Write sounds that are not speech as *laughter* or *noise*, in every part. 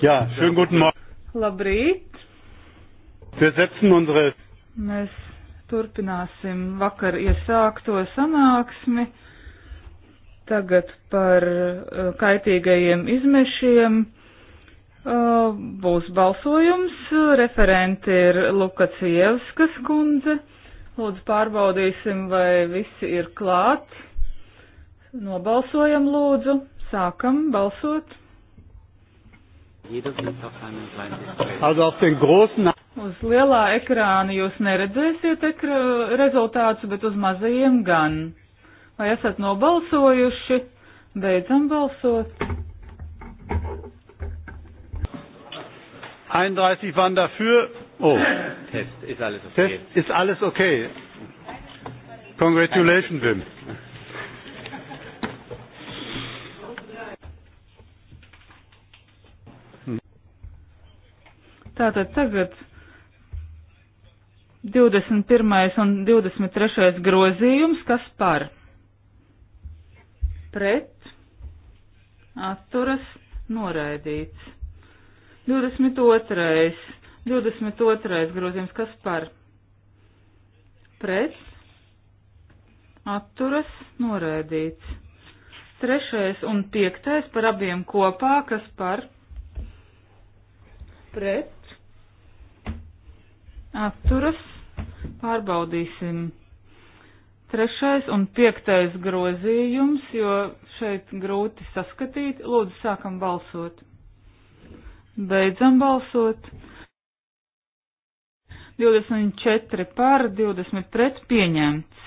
Jā, šodien guten morgen. Labrīt. Wir setzen unsere. Mēs turpināsim vakar iesākto sanāksmi. Tagad par uh, kaitīgajiem izmešiem uh, būs balsojums. Referenti ir Lukacievskas kundze. Lūdzu, pārbaudīsim, vai visi ir klāt. Nobalsojam, lūdzu. Sākam balsot. Also auf den großen Uz lielā ekrāna jūs neredzēsiet ekra rezultātus, bet uz mazajiem gan. Vai esat nobalsojuši? Beidzam balsot. 31 waren dafür. Oh. Test ist alles okay. Test ist alles okay. Congratulations, Wim. Tātad tagad 21. un 23. grozījums, kas par pret atturas noraidīts. 22. 22. grozījums, kas par pret atturas noraidīts. 3. un 5. par abiem kopā, kas par pret atturas, pārbaudīsim trešais un piektais grozījums, jo šeit grūti saskatīt. Lūdzu, sākam balsot. Beidzam balsot. 24 pār, 20 pret pieņemts.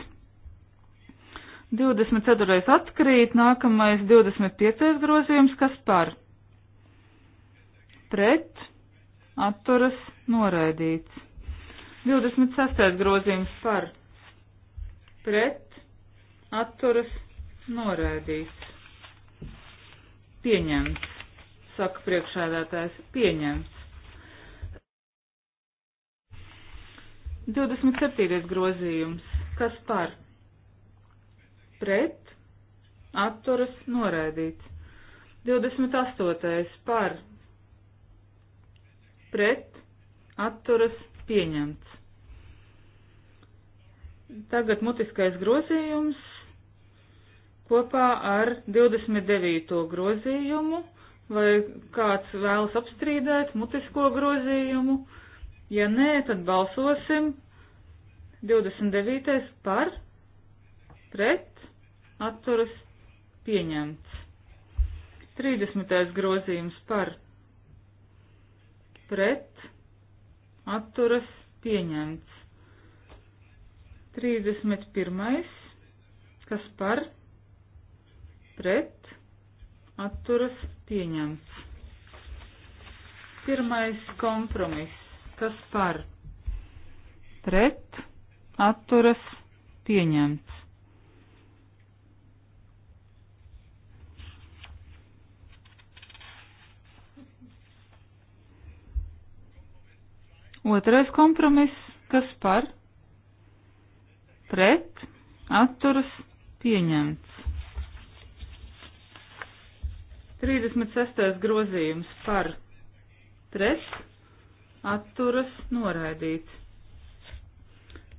24. atkrīt, nākamais 25. grozījums, kas par? Pret, atturas, noraidīts. 26. grozījums par pret atturas norēdīts. Pieņemts, saka priekšēdētājs, pieņemts. 27. grozījums. Kas par? Pret, atturas, noraidīts. 28. par, pret, atturas, pieņemts. Tagad mutiskais grozījums kopā ar 29. grozījumu, vai kāds vēlas apstrīdēt mutisko grozījumu. Ja nē, tad balsosim 29. par, pret, atturas pieņemts. 30. grozījums par, pret, atturas pieņemts. 31. Kas par? Pret. Atturas pieņemts. Pirmais kompromiss. Kas par? Pret. Atturas pieņemts. Otrais kompromiss. Kas par? pret, atturas, pieņemts. 36. grozījums par pret, atturas, noraidīts.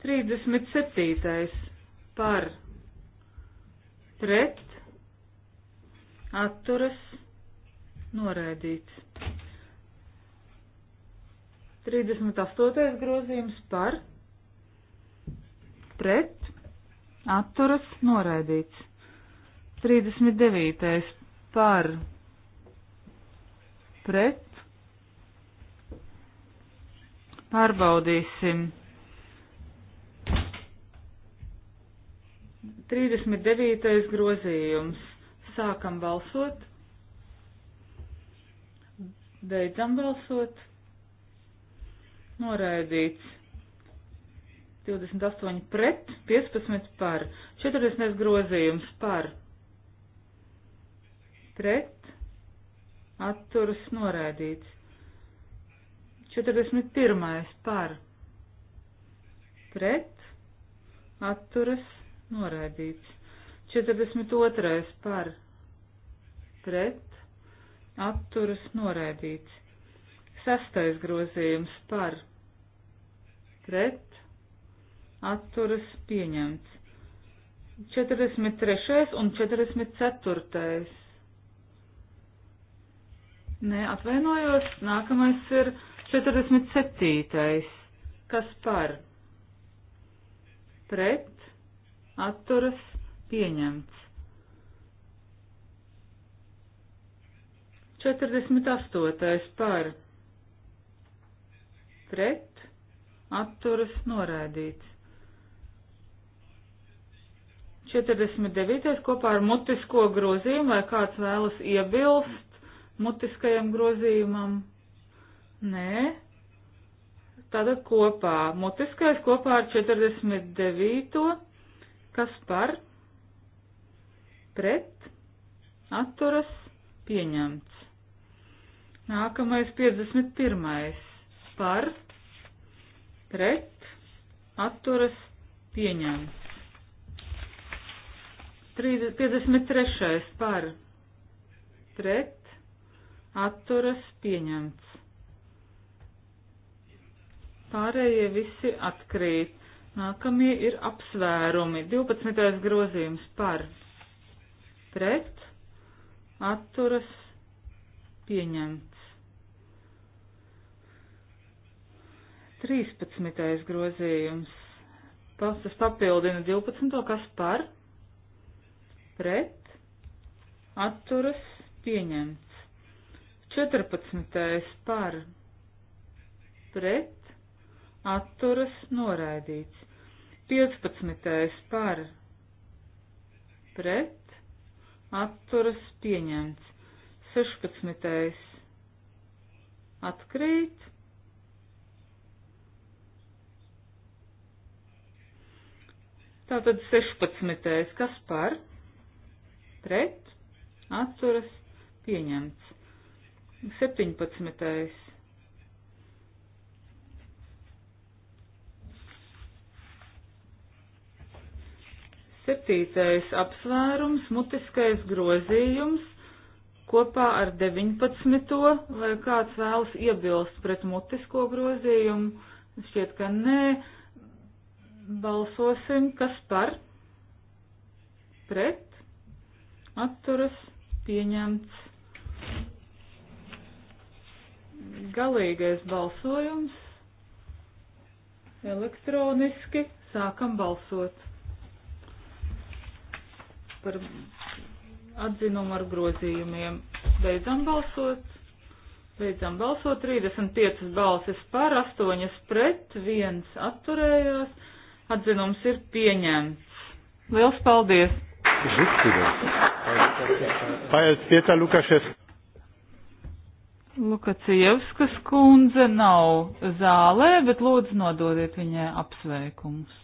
37. par pret, atturas, noraidīts. 38. grozījums par pret pret, atturas noraidīts. 39. par, pret, pārbaudīsim. 39. grozījums. Sākam balsot. Beidzam balsot. Noraidīts. 28 pret, 15 par, 40 grozījums par, pret, atturas noraidīts, 41 par, pret, atturas noraidīts, 42 par, pret, atturas noraidīts, 6 grozījums par, pret, atturas pieņemts. 43. un 44. Nē, atvainojos, nākamais ir 47. Kas par? Pret, atturas, pieņemts. 48. par? Pret, atturas, norādīts. 49. kopā ar mutisko grozījumu, vai kāds vēlas iebilst mutiskajam grozījumam? Nē. Tātad kopā. Mutiskais kopā ar 49. Kas par? Pret? Atturas? Pieņemts. Nākamais 51. Par? Pret? Atturas? Pieņemts. 53. par pret atturas pieņemts. Pārējie visi atkrīt. Nākamie ir apsvērumi. 12. grozījums par pret atturas pieņemts. 13. grozījums. Tas papildina 12. kas par pret, atturas, pieņemts. 14. par, pret, atturas, noraidīts. 15. par, pret, atturas, pieņemts. 16. atkrīt. Tātad 16. kas par? pret, atturas, pieņemts. 17. Septītais apsvērums, mutiskais grozījums kopā ar 19. Vai kāds vēlas iebilst pret mutisko grozījumu? Šķiet, ka nē. Balsosim, kas par? Pret? atturas pieņemts. Galīgais balsojums elektroniski sākam balsot par atzinumu ar grozījumiem. Beidzam balsot. Beidzam balsot 35 balsis par, 8 pret, 1 atturējās. Atzinums ir pieņemts. Liels paldies! Žiktīvā. Paiet vietā Lukaševs. Lukacievskas kundze nav zālē, bet lūdzu nododiet viņai apsveikumus.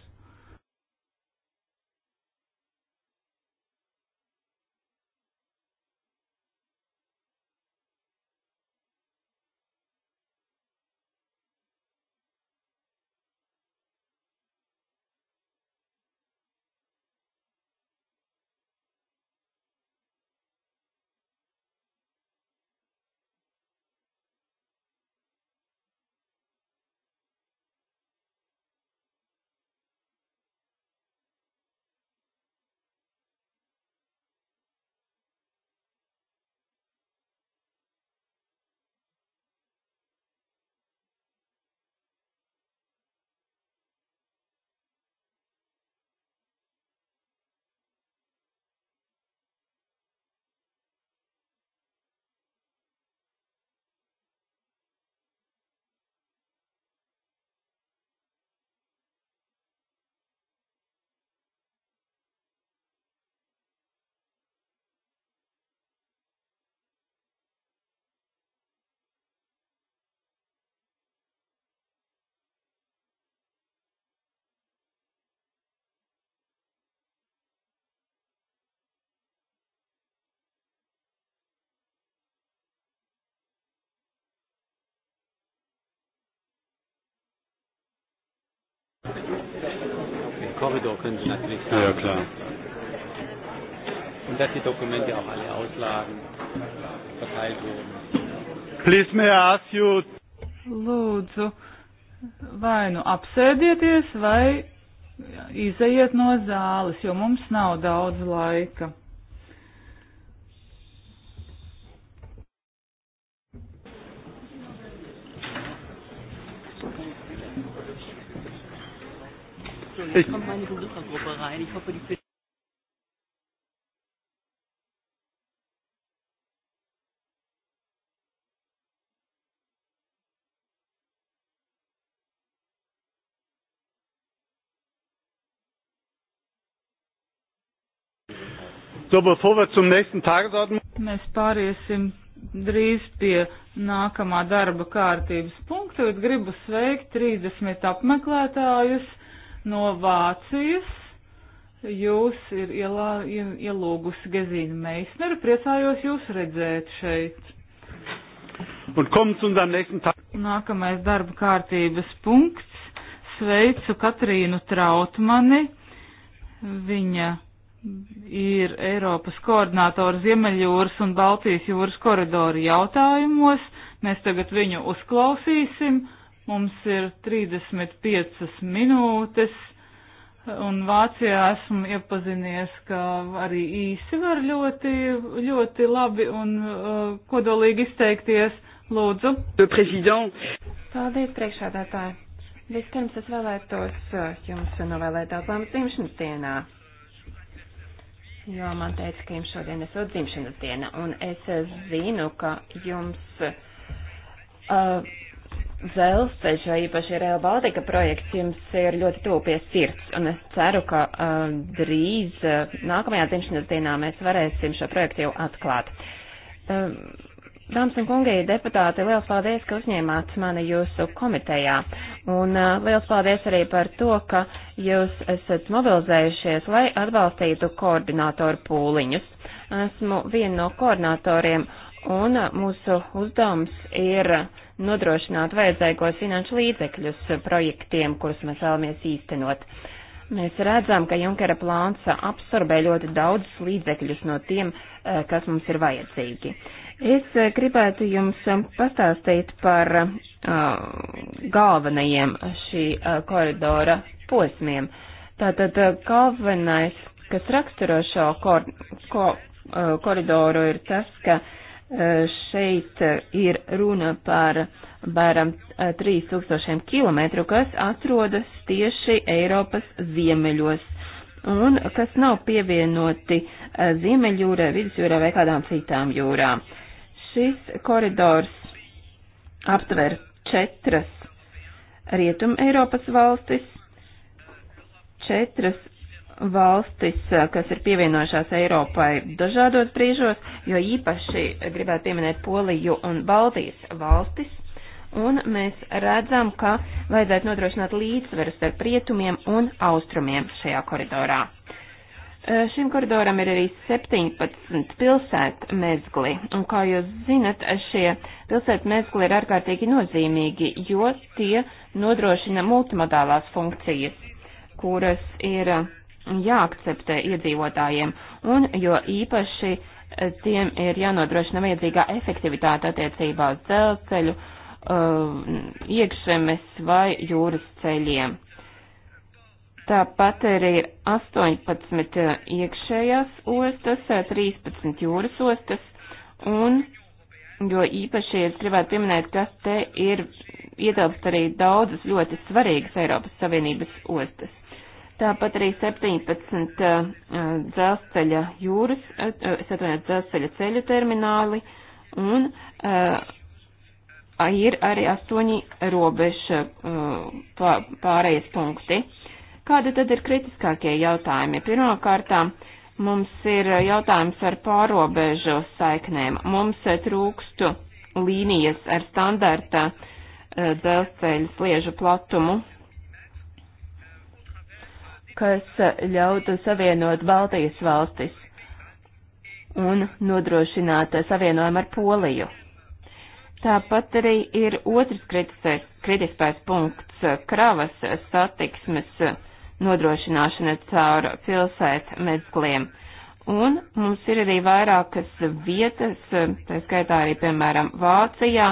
Korridor können Sie natürlich sagen. Ja, klar. Und dass die Dokumente auch alle auslagen, verteilt wurden. Please may I ask you... Lūdzu, vai nu apsēdieties, vai izejiet no zāles, jo mums nav daudz laika. Jetzt kommt meine Besuchergruppe rein. Ich hoffe, die So, bevor wir zum nächsten Tagesordnungspunkt. Mēs pāriesim drīz pie nākamā darba kārtības punkta. Es gribu sveikt 30 apmeklētājus no Vācijas. Jūs ir ielā, ielūgusi Gezīna Meisneru, priecājos jūs redzēt šeit. Un komts un Nākamais darba kārtības punkts. Sveicu Katrīnu Trautmani. Viņa ir Eiropas koordinātora Ziemeļjūras un Baltijas jūras koridoru jautājumos. Mēs tagad viņu uzklausīsim. Mums ir 35 minūtes, un Vācijā esmu iepazinies, ka arī īsi var ļoti, ļoti labi un uh, kodolīgi izteikties. Lūdzu. Paldies, priekšādātāji. Vispirms es vēlētos uh, jums novēlēt daudz labu dzimšanas dienā. Jo man teica, ka jums šodien ir dzimšanas diena, un es zinu, ka jums uh, dzelzceļš vai īpaši Rail Baltica projekts jums ir ļoti tuvu pie sirds, un es ceru, ka uh, drīz uh, nākamajā dzimšanas dienā mēs varēsim šo projektu jau atklāt. Uh, Dāmas un kungi, deputāti, liels paldies, ka uzņēmāt mani jūsu komitejā, un uh, liels paldies arī par to, ka jūs esat mobilizējušies, lai atbalstītu koordinātoru pūliņus. Esmu viena no koordinātoriem, un uh, mūsu uzdevums ir uh, nodrošināt vajadzīgos finanšu līdzekļus projektiem, kurus mēs vēlamies īstenot. Mēs redzam, ka Junkera plāns absorbē ļoti daudz līdzekļus no tiem, eh, kas mums ir vajadzīgi. Es eh, gribētu jums eh, pastāstīt par uh, galvenajiem šī uh, koridora posmiem. Tātad galvenais, kas raksturo šo kor ko, uh, koridoru, ir tas, ka uh, Šeit ir runa par bēram 3000 eh, km, kas atrodas tieši Eiropas ziemeļos un kas nav pievienoti eh, ziemeļjūrē, vidusjūrē vai kādām citām jūrām. Šis koridors aptver četras Rietum Eiropas valstis, četras valstis, eh, kas ir pievienojušās Eiropai dažādos brīžos, jo īpaši gribētu pieminēt Poliju un Baltijas valstis. Un mēs redzam, ka vajadzētu nodrošināt līdzsveru starp rietumiem un austrumiem šajā koridorā. Eh, šim koridoram ir arī 17 pilsētu mezgli, un kā jūs zinat, šie pilsētu mezgli ir ārkārtīgi nozīmīgi, jo tie nodrošina multimodālās funkcijas, kuras ir uh, jāakceptē iedzīvotājiem, un jo īpaši eh, tiem ir jānodrošina vajadzīgā efektivitāte attiecībā uz dzelzceļu, eh, iekšzemes vai jūras ceļiem. Tāpat arī ir 18 eh, iekšējās ostas, 13 jūras ostas, un jo īpaši es gribētu pieminēt, ka te ir ietilpst arī daudzas ļoti svarīgas Eiropas Savienības ostas. Tāpat arī 17 uh, eh, dzelzceļa jūras, uh, es atvainojos, dzelzceļa ceļu termināli un uh, ir arī 8 robeža uh, pārējais punkti. Kādi tad ir kritiskākie jautājumi? Pirmkārtām mums ir jautājums ar pārobežu saiknēm. Mums trūkstu līnijas ar standarta uh, dzelzceļa sliežu platumu kas ļautu savienot Baltijas valstis un nodrošināt savienojumu ar Poliju. Tāpat arī ir otrs kritiskais, kritiskais punkts - kravas satiksmes nodrošināšana caur pilsētu mezgliem. Un mums ir arī vairākas vietas, tā skaitā arī, piemēram, Vācijā,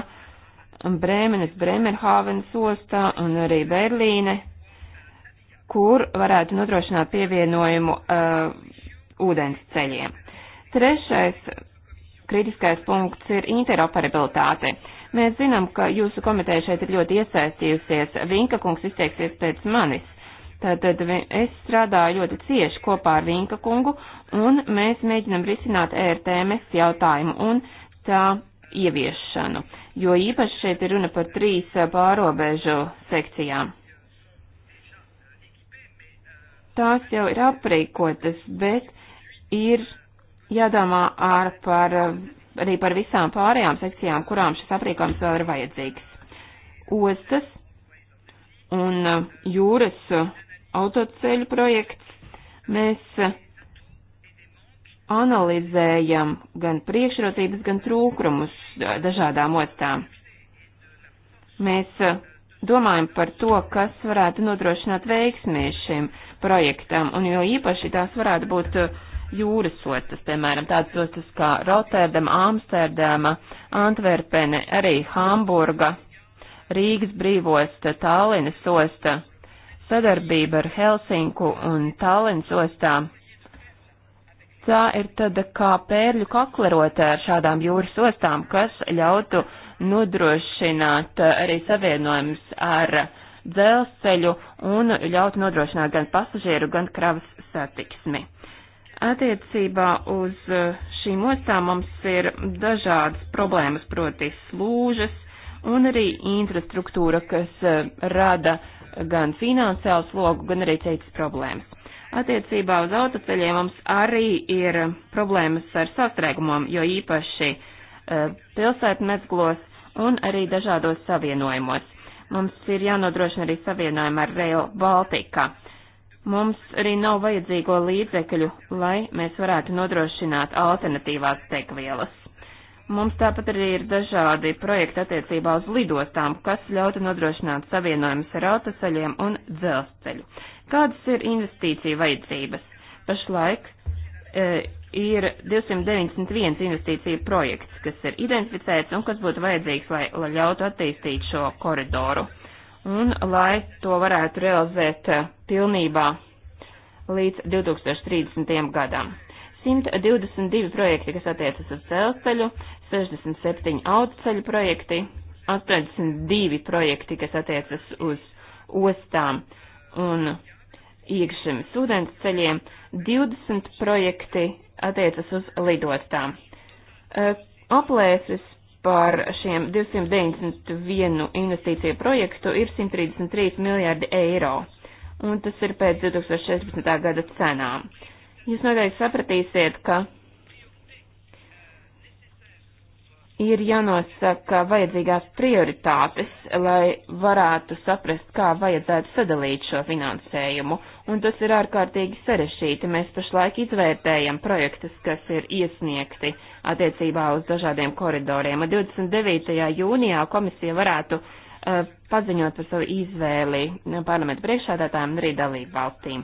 Brēmenes, Bremerhāvenes ostā un arī Berlīne, kur varētu nodrošināt pievienojumu uh, ūdens ceļiem. Trešais kritiskais punkts ir interoperabilitāte. Mēs zinām, ka jūsu komiteja šeit ir ļoti iesaistījusies. Vinka kungs izteiksies pēc manis. Tātad es strādāju ļoti cieši kopā ar Vinka kungu, un mēs mēģinam risināt ERTMS jautājumu un tā ieviešanu, jo īpaši šeit ir runa par trīs uh, pārobežu sekcijām tās jau ir aprīkotas, bet ir jādomā ar par, arī par visām pārējām sekcijām, kurām šis aprīkojums vēl ir vajadzīgs. Ostas un uh, jūras uh, autoceļu projekts mēs uh, analizējam gan priekšrocības, gan trūkumus dažādām ostām. Mēs domājam par to, kas varētu nodrošināt veiksmī šim projektam, un jo īpaši tās varētu būt uh, jūras ostas, piemēram, tādas ostas kā Rotterdama, Amsterdama, Antverpene, arī Hamburga, Rīgas brīvosta, Tallinas osta, sadarbība ar Helsinku un Tallinas ostām. Tā ir tāda kā pērļu kaklerota ar šādām jūras ostām, kas ļautu nodrošināt arī savienojums ar uh, dzelzceļu un ļautu nodrošināt gan pasažieru, gan kravas satiksmi. Attiecībā uz eh, šīm ostām mums ir dažādas problēmas, proti slūžas un arī infrastruktūra, kas eh, rada gan finansiālu slogu, gan arī citas problēmas. Attiecībā uz autoceļiem mums arī ir problēmas ar sastrēgumiem, jo īpaši eh, pilsētu mezglos un arī dažādos savienojumos. Mums ir jānodrošina arī savienojuma ar Rail Baltica. Mums arī nav vajadzīgo līdzekļu, lai mēs varētu nodrošināt alternatīvās degvielas. Mums tāpat arī ir dažādi projekti attiecībā uz lidostām, kas ļautu nodrošināt savienojumus ar autoceļiem un dzelzceļu. Kādas ir investīcija vajadzības? Pašlaik e, ir 291 investīcija projekts, kas ir identificēts un kas būtu vajadzīgs, lai, lai ļautu attīstīt šo koridoru un lai to varētu realizēt eh, pilnībā līdz 2030. gadam. 122 projekti, kas attiecas uz dzelzceļu, 67 autoceļu projekti, 82 projekti, kas attiecas uz ostām un iekšzemes ūdens ceļiem, 20 projekti attiecas uz lidostām. Eh, aplēses par šiem 291 investīciju projektu ir 133 miljārdi eiro, un tas ir pēc 2016. gada cenām. Jūs noteikti sapratīsiet, ka ir jānosaka vajadzīgās prioritātes, lai varētu saprast, kā vajadzētu sadalīt šo finansējumu un tas ir ārkārtīgi sarešķīti. Mēs pašlaik izvērtējam projektus, kas ir iesniegti attiecībā uz dažādiem koridoriem. 29. jūnijā komisija varētu uh, paziņot par savu izvēli parlamentu priekšādātājiem un arī dalību valstīm.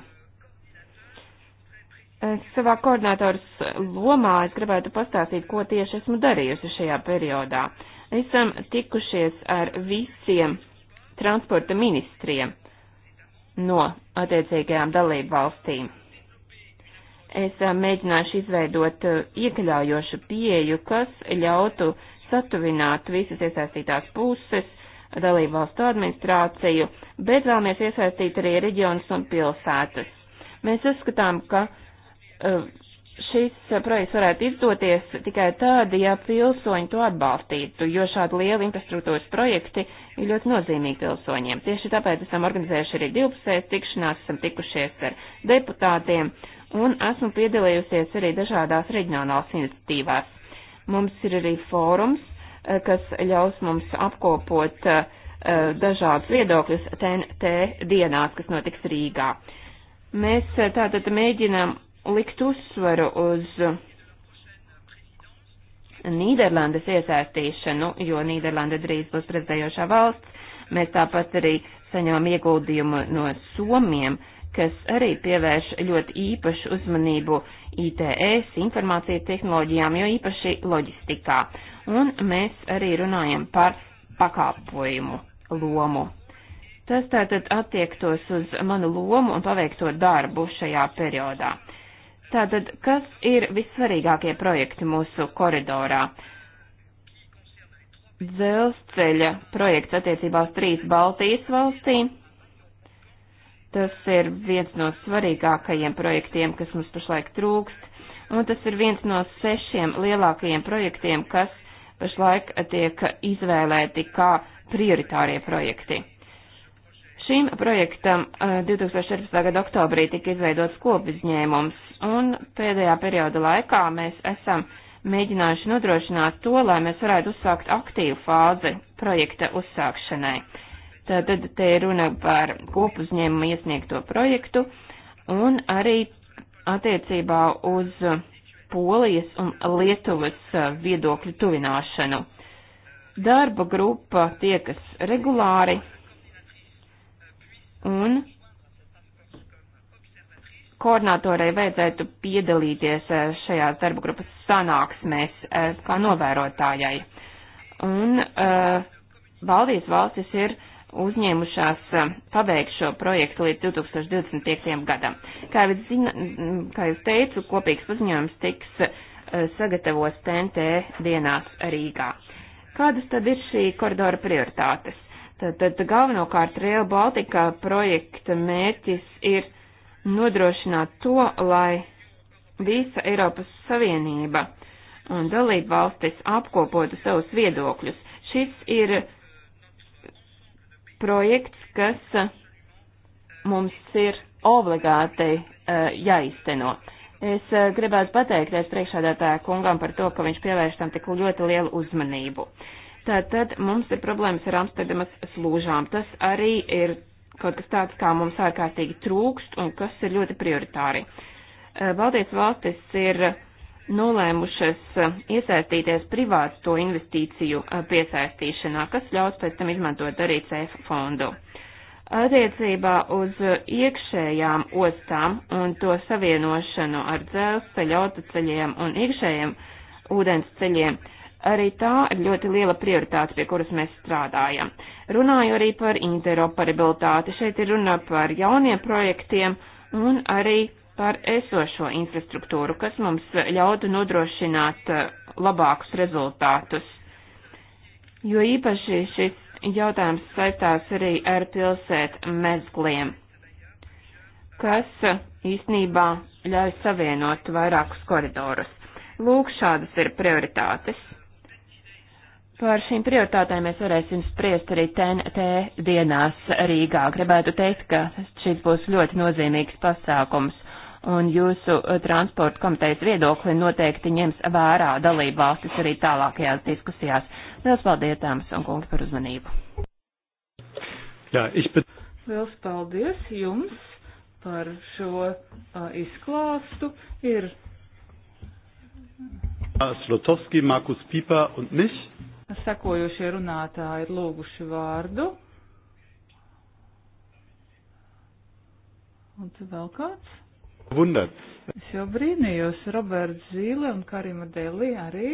Uh, savā koordinātors lomā es gribētu pastāstīt, ko tieši esmu darījusi šajā periodā. Esam tikušies ar visiem transporta ministriem no attiecīgajām dalību valstīm. Es eh, mēģināšu izveidot eh, iekļaujošu pieju, kas ļautu satuvināt visas iesaistītās puses, dalību valstu administrāciju, bet vēlamies iesaistīt arī reģionus un pilsētas. Mēs uzskatām, ka uh, šis projekts varētu izdoties tikai tad, ja pilsoņi to atbalstītu, jo šādi lieli infrastruktūras projekti ir ļoti nozīmīgi pilsoņiem. Tieši tāpēc esam organizējuši arī divpusējas tikšanās, esam tikušies ar deputātiem un esmu piedalījusies arī dažādās reģionālās iniciatīvās. Mums ir arī fórums, eh, kas ļaus mums apkopot uh, dažādus viedokļus TNT dienās, kas notiks Rīgā. Mēs eh, tātad mēģinām likt uzsvaru uz Nīderlandes iesaistīšanu, jo Nīderlanda drīz būs prezidējošā valsts. Mēs tāpat arī saņemam ieguldījumu no Somiem, kas arī pievērš ļoti īpašu uzmanību ITS, informācijas tehnoloģijām, jo īpaši loģistikā. Un mēs arī runājam par pakāpojumu lomu. Tas tātad attiektos uz manu lomu un paveikto darbu šajā periodā. Tātad, kas ir vissvarīgākie projekti mūsu koridorā? Dzelzceļa projekts attiecībā uz trīs Baltijas valstīm. Tas ir viens no svarīgākajiem projektiem, kas mums pašlaik trūkst, un tas ir viens no sešiem lielākajiem projektiem, kas pašlaik tiek izvēlēti kā prioritārie projekti. Šīm projektam 2014. Eh, gada oktobrī tika izveidots kopizņēmums, Un pēdējā perioda laikā mēs esam mēģinājuši nodrošināt to, lai mēs varētu uzsākt aktīvu fāzi projekta uzsākšanai. Tātad te ir runa par kopuzņēmumu iesniegto projektu un arī attiecībā uz Polijas un Lietuvas viedokļu tuvināšanu. Darba grupa tiekas regulāri un koordinātorai vajadzētu piedalīties eh, šajās darba grupas sanāksmēs eh, kā novērotājai. Un uh, eh, Baltijas valstis ir uzņēmušās pabeigt šo projektu līdz 2025. gadam. Kā jau, zina, mm, kā jau teicu, kopīgs paziņojums tiks uh, sagatavos TNT dienās Rīgā. Kādas tad ir šī koridora prioritātes? Tad, tad galvenokārt Rail Baltica projekta mērķis ir nodrošināt to, lai visa Eiropas Savienība un dalību valstis apkopotu savus viedokļus. Šis ir projekts, kas mums ir obligāti uh, jāizteno. Es uh, gribētu pateikties priekšādātāja kungam par to, ka viņš pievērš tam tik ļoti lielu uzmanību. Tātad mums ir problēmas ar Amsterdamas slūžām. Tas arī ir kaut kas tāds, kā mums ārkārtīgi trūkst un kas ir ļoti prioritāri. Eh, Baltijas valstis ir nolēmušas eh, iesaistīties privāto investīciju eh, piesaistīšanā, kas ļaus pēc tam izmantot arī CEF fondu. Attiecībā uz iekšējām ostām un to savienošanu ar dzelzceļa, autoceļiem un iekšējiem ūdens ceļiem uh, Arī tā ir ļoti liela prioritāte, pie kuras mēs strādājam. Runāju arī par interoperabilitāti. Šeit ir runa par jauniem projektiem un arī par esošo infrastruktūru, kas mums ļautu nodrošināt eh, labākus rezultātus. Jo īpaši šis jautājums saistās arī ar pilsētu mezgliem, kas īsnībā ļauj savienot vairākus koridorus. Lūk, šādas ir prioritātes. Par šīm prioritātēm mēs varēsim spriest arī TNT dienās Rīgā. Gribētu teikt, ka šis būs ļoti nozīmīgs pasākums, un jūsu eh, transporta komitejas viedokli noteikti ņems vērā dalību valstis arī tālākajās diskusijās. Lielas paldies, dāmas un kungi, par uzmanību. Jā, es pat. Lielas paldies jums par šo uh, izklāstu. Ir... Slotovski, Markus Pieper un mich. Sekojošie runātāji ir lūguši vārdu. Un tu vēl kāds? Vundar. Es jau brīnījos, Roberts Zīle un Karima Deli arī.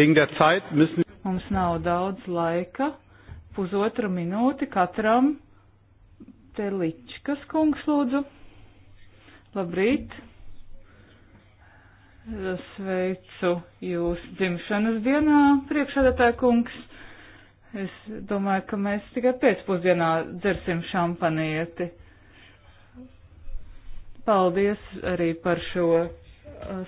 Zeit, müssen... Mums nav daudz laika, pusotra minūte katram. Teličkas kungs lūdzu. Labrīt. Mm. Sveicu jūs dzimšanas dienā, priekšsēdētāja kungs. Es domāju, ka mēs tikai pēcpusdienā dzersim šampanieti. Paldies arī par šo uh,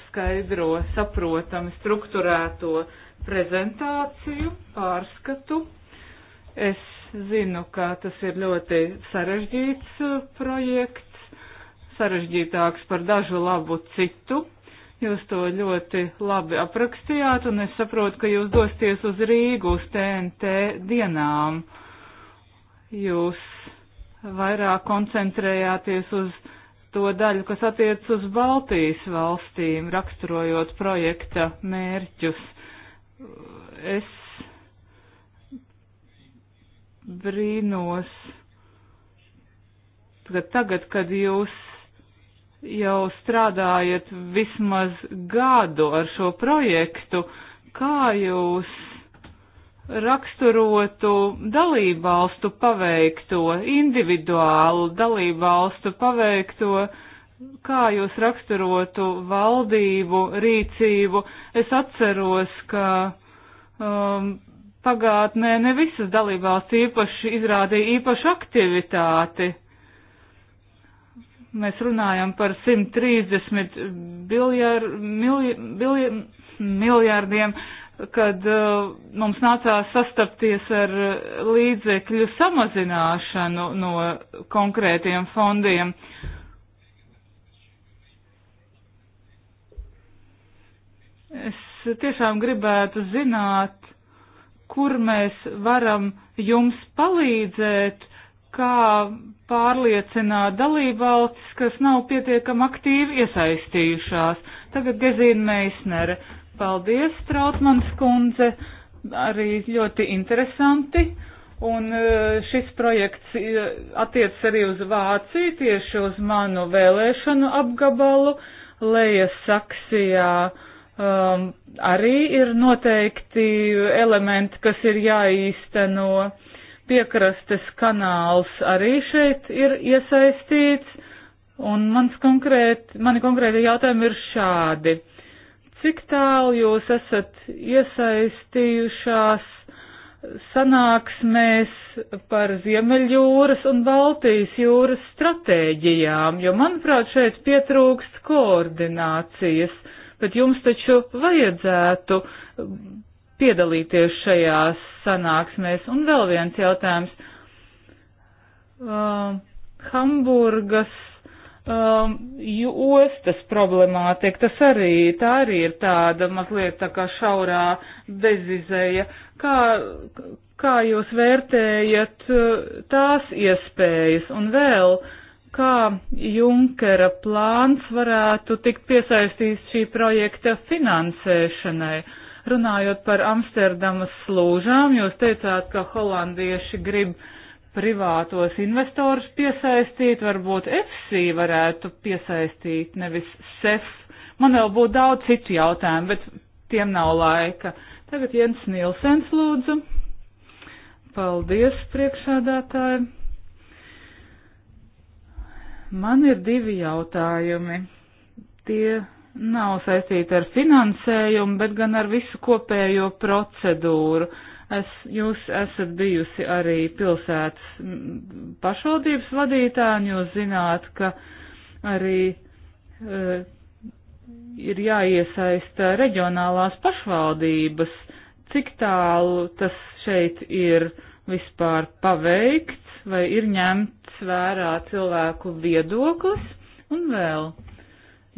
skaidro, saprotami strukturēto prezentāciju, pārskatu. Es zinu, ka tas ir ļoti sarežģīts uh, projekts, sarežģītāks par dažu labu citu Jūs to ļoti labi aprakstījāt, un es saprotu, ka jūs dosties uz Rīgu uz TNT dienām. Jūs vairāk koncentrējāties uz to daļu, kas attiec uz Baltijas valstīm, raksturojot projekta mērķus. Es brīnos, ka tagad, kad jūs jau strādājat vismaz gadu ar šo projektu, kā jūs raksturotu dalībvalstu paveikto, individuālu dalībvalstu paveikto, kā jūs raksturotu valdību rīcību? Es atceros, ka um, pagātnē ne visas dalībvalsts īpaši izrādīja īpašu aktivitāti Mēs runājam par 130 biljār, milj, bilj, miljārdiem, kad uh, mums nācās sastapties ar uh, līdzekļu samazināšanu no konkrētiem fondiem. Es tiešām gribētu zināt, kur mēs varam jums palīdzēt kā pārliecināt dalībvalstis, kas nav pietiekami aktīvi iesaistījušās. Tagad Gezīna Meisnere. Paldies, Trautmans kundze, arī ļoti interesanti. Un e, šis projekts e, attiec arī uz Vāciju, tieši uz manu vēlēšanu apgabalu. Leja Saksijā um, arī ir noteikti elementi, kas ir jāīsteno. No Piekrastes kanāls arī šeit ir iesaistīts, un mans konkrēt, mani konkrēti jautājumi ir šādi. Cik tālu jūs esat iesaistījušās sanāksmēs par Ziemeļjūras un Baltijas jūras stratēģijām, jo, manuprāt, šeit pietrūkst koordinācijas, bet jums taču vajadzētu piedalīties šajās sanāksmēs. Un vēl viens jautājums. Uh, Hamburgas um, ostas problemātika, tas arī, tā arī ir tāda mazliet tā kā šaurā bezizēja. Kā, kā jūs vērtējat uh, tās iespējas un vēl, kā Junkera plāns varētu tikt piesaistīts šī projekta finansēšanai? Uh, Runājot par Amsterdamas slūžām, jūs teicāt, ka holandieši grib privātos investorus piesaistīt, varbūt FC varētu piesaistīt, nevis SEF. Man vēl būtu daudz citu jautājumu, bet tiem nav laika. Tagad Jens Nilsens lūdzu. Paldies, priekšādātāji. Man ir divi jautājumi. Tie nav saistīta ar finansējumu, bet gan ar visu kopējo procedūru. Es, jūs esat bijusi arī pilsētas pašvaldības vadītāja, un jūs zināt, ka arī e, ir jāiesaista reģionālās pašvaldības, cik tālu tas šeit ir vispār paveikts, vai ir ņemts vērā cilvēku viedoklis un vēl.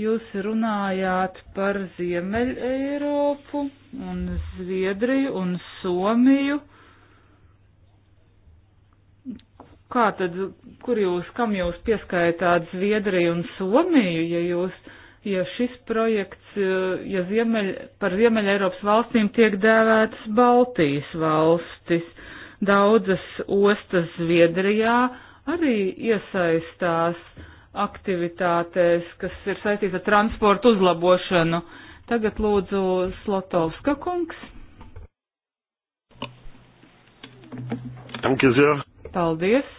Jūs runājāt par Ziemeļ Eiropu un Zviedriju un Somiju. Kā tad, kur jūs, kam jūs pieskaitāt Zviedriju un Somiju, ja jūs, ja šis projekts, ja Ziemeļ, par Ziemeļ Eiropas valstīm tiek dēvētas Baltijas valstis, daudzas ostas Zviedrijā arī iesaistās aktivitātēs, kas ir saistīts ar transportu uzlabošanu. Tagad lūdzu Slotovska kungs. Paldies.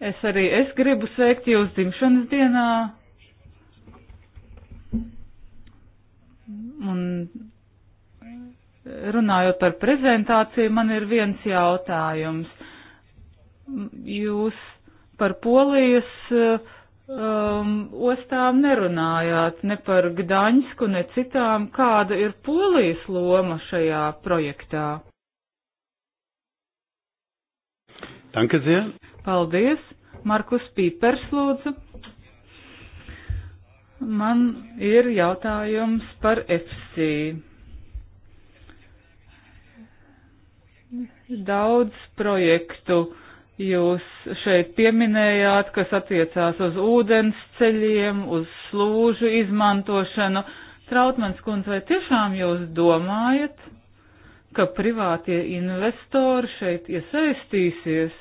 Es arī es gribu sveikt jūs dzimšanas dienā. Un runājot par prezentāciju, man ir viens jautājums. Jūs par Polijas um, ostām nerunājāt, ne par Gdaņsku, ne citām. Kāda ir Polijas loma šajā projektā? Danke sehr. Paldies. Markus Pīpers lūdzu. Man ir jautājums par FC. Daudz projektu Jūs šeit pieminējāt, kas attiecās uz ūdens ceļiem, uz slūžu izmantošanu. Trautmans kundze, vai tiešām jūs domājat, ka privātie investori šeit iesaistīsies?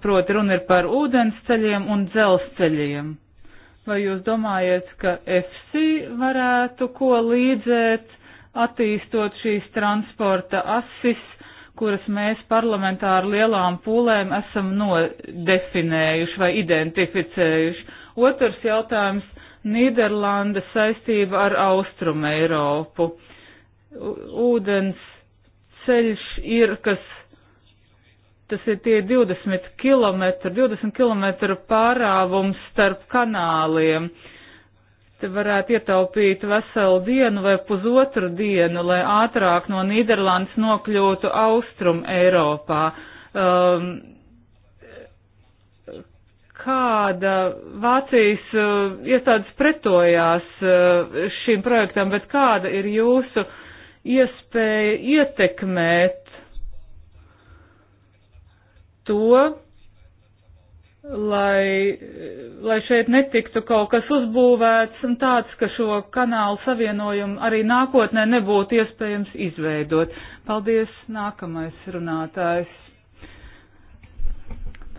Proti runa ir par ūdens ceļiem un dzelzceļiem. Vai jūs domājat, ka FC varētu ko līdzēt, attīstot šīs transporta asis? kuras mēs parlamentā ar lielām pūlēm esam nodefinējuši vai identificējuši. Otrs jautājums - Nīderlanda saistība ar Austrumu Eiropu. Ūdens ceļš ir, kas tas ir tie 20 km, 20 km pārāvums starp kanāliem. Uh, Te varētu ietaupīt veselu dienu vai pusotru dienu, lai ātrāk no Nīderlandes nokļūtu Austrum Eiropā. Um, kāda Vācijas uh, iestādes pretojās uh, šim projektam, bet kāda ir jūsu iespēja ietekmēt to, lai, lai šeit netiktu kaut kas uzbūvēts un tāds, ka šo kanālu savienojumu arī nākotnē nebūtu iespējams izveidot. Paldies, nākamais runātājs.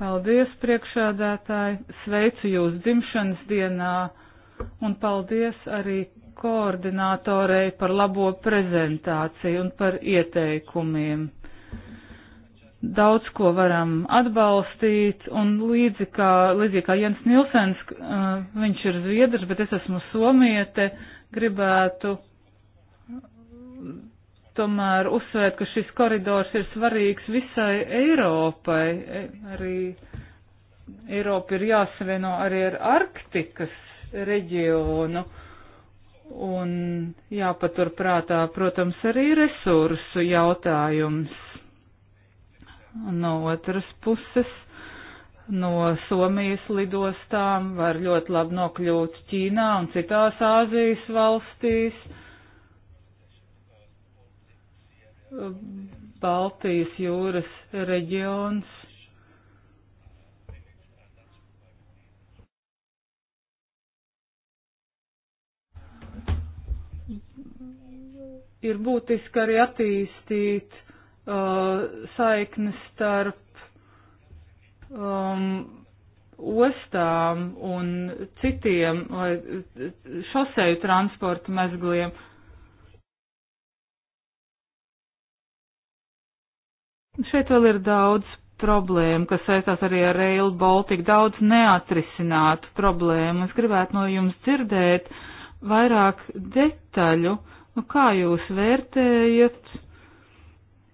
Paldies, priekšādātāji, sveicu jūs dzimšanas dienā un paldies arī koordinātorei par labo prezentāciju un par ieteikumiem daudz ko varam atbalstīt, un līdzi kā, līdzi kā Jens Nilsens, uh, viņš ir zviedrs, bet es esmu somiete, gribētu uh, tomēr uzsvērt, ka šis koridors ir svarīgs visai Eiropai. E arī Eiropa ir jāsavieno arī ar Arktikas reģionu. Un jāpaturprātā, protams, arī resursu jautājums no otras puses no Somijas lidostām var ļoti labi nokļūt Ķīnā un citās Āzijas valstīs. Baltijas jūras reģions. Ir būtiski arī attīstīt Uh, saiknes starp um, ostām un citiem vai šoseju transporta mezgliem. Šeit vēl ir daudz problēmu, kas saistās arī ar Rail Baltica, daudz neatrisinātu problēmu. Es gribētu no jums dzirdēt vairāk detaļu, nu kā jūs vērtējat uh,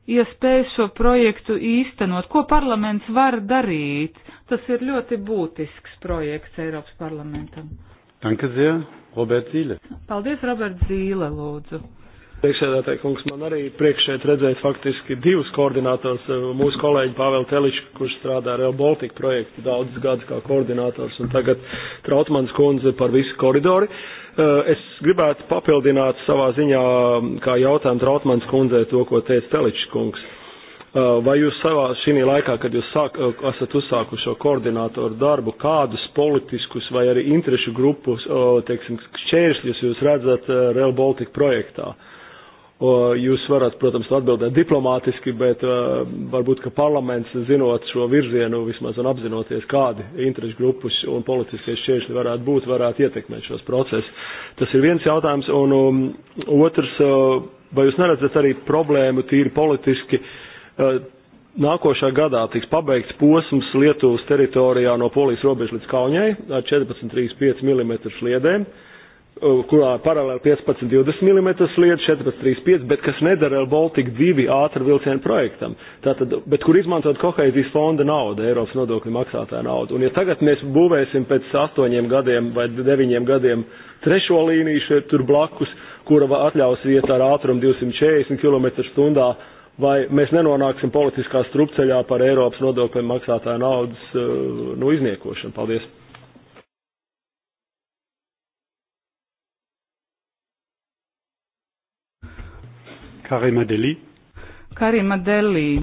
iespēju šo projektu īstenot. Ko parlaments var darīt? Tas ir ļoti būtisks projekts Eiropas parlamentam. Danke sehr, Robert Zīle. Paldies, Robert Zīle, lūdzu. Priekšsēdētāji kungs, man arī priekšēt redzēt faktiski divus koordinātors, eh, mūsu kolēģi Pāvēl Teliška, kurš strādā Real Baltica projektu daudzus gadus kā koordinātors, un tagad Trautmans kundze par visu koridori. Eh, es gribētu papildināt savā ziņā, kā jautājumu Trautmans kundzei to, ko teica Teliška kungs. Eh, vai jūs savā šī laikā, kad jūs sāk, esat uzsākuši šo koordinātoru darbu, kādus politiskus vai arī interešu grupus, teiksim, šķēršļus jūs redzat Real Baltica projektā? Uh, Jūs varat, protams, atbildēt diplomātiski, bet uh, varbūt, ka parlaments, zinot šo virzienu vismaz un apzinoties, kādi interešu grupus un politiskie šķēršļi varētu būt, varētu ietekmēt šos procesus. Tas ir viens jautājums. Un um, otrs, uh, vai jūs neredzat arī problēmu tīri politiski? Uh, Nākošā gadā tiks pabeigts posms Lietuvas teritorijā no polijas robežas līdz Kaunijai ar 14,35 mm sliedēm. Uh, Uh, kurā paralēli 15-20 mm sliedz, 14-35, bet kas nedara ar Baltiku 2 ātru vilcienu projektam, Tātad, bet kur izmantot kohēzijas fonda naudu, Eiropas nodokļu maksātāja naudu. Un ja tagad mēs būvēsim pēc 8 gadiem vai 9 gadiem trešo līniju šeit tur blakus, kura atļaus iet ar ātrumu 240 km/h, vai mēs nenonāksim politiskā strupceļā par Eiropas nodokļu maksātāja naudas uh, nu, izniekošanu. Paldies! Karima Delī. Karima Delī.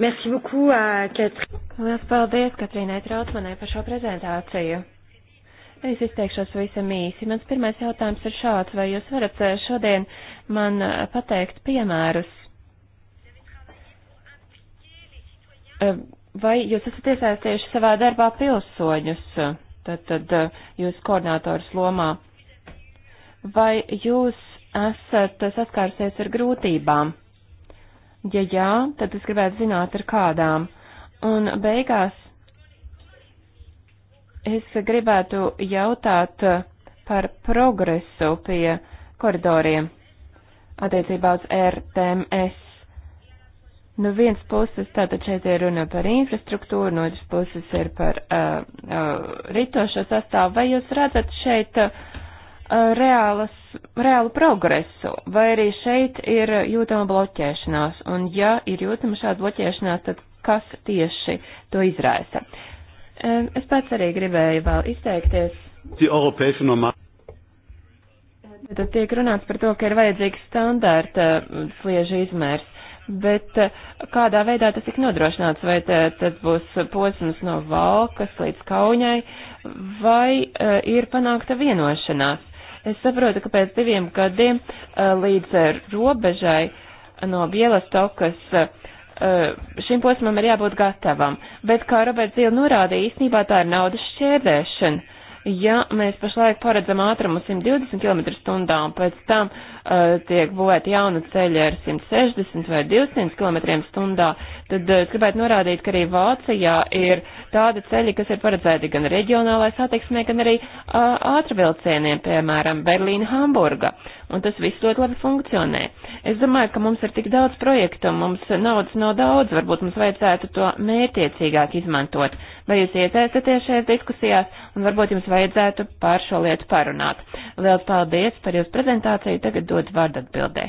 Merci beaucoup, Katrīna. Lielas paldies Katrīnai Trautmanai par šo prezentāciju. Es izteikšos visam īsi. Mans pirmais jautājums ir šāds, vai jūs varat eh, šodien man eh, pateikt piemērus? Eh, vai jūs esat iesaistījuši savā darbā pilsoņus, tad, tad jūs koordinātors lomā? Vai jūs esat saskārusies ar grūtībām? Ja jā, tad es gribētu zināt, ar kādām. Un beigās es gribētu jautāt par progresu pie koridoriem attiecībā uz RTMS. Nu, viens puses tātad šeit ir runa par infrastruktūru, no otras puses ir par uh, uh, ritošo sastāvu. Vai jūs redzat šeit uh, Uh, reālas, reālu progresu, vai arī šeit ir jūtama bloķēšanās, un ja ir jūtama šāda bloķēšanās, tad kas tieši to izraisa? Um, es pats arī gribēju vēl izteikties. Tad tiek runāts par to, ka ir vajadzīgs standārta uh, sliežu izmērs, bet uh, kādā veidā tas tik nodrošināts, vai tad būs posms no valkas līdz kauņai, vai ir panākta vienošanās? Es saprotu, ka pēc diviem gadiem eh, līdz eh, robežai eh, no Bielastokas šim posmam ir jābūt gatavam. Bet, kā Roberts Zīle norādīja, īstenībā tā ir naudas šķērdēšana. Ja mēs pašlaik paredzam ātrumu 120 km/h un pēc tam uh, tiek būvēti jauni ceļi ar 160 vai 200 km/h, tad uh, gribētu norādīt, ka arī Vācijā ir tādi ceļi, kas ir paredzēti gan reģionālai satiksmē, gan arī uh, ātrvilcieniem, piemēram, Berlīna-Hamburga. Un tas viss ļoti labi funkcionē. Es domāju, ka mums ir tik daudz projektu, mums naudas nav daudz, varbūt mums vajadzētu to mērķiecīgāk izmantot. Vai jūs iesaistaties šajās diskusijās, un varbūt jums vajadzētu pār šo lietu parunāt. Liels paldies par jūsu prezentāciju, tagad dod vārdu atbildē.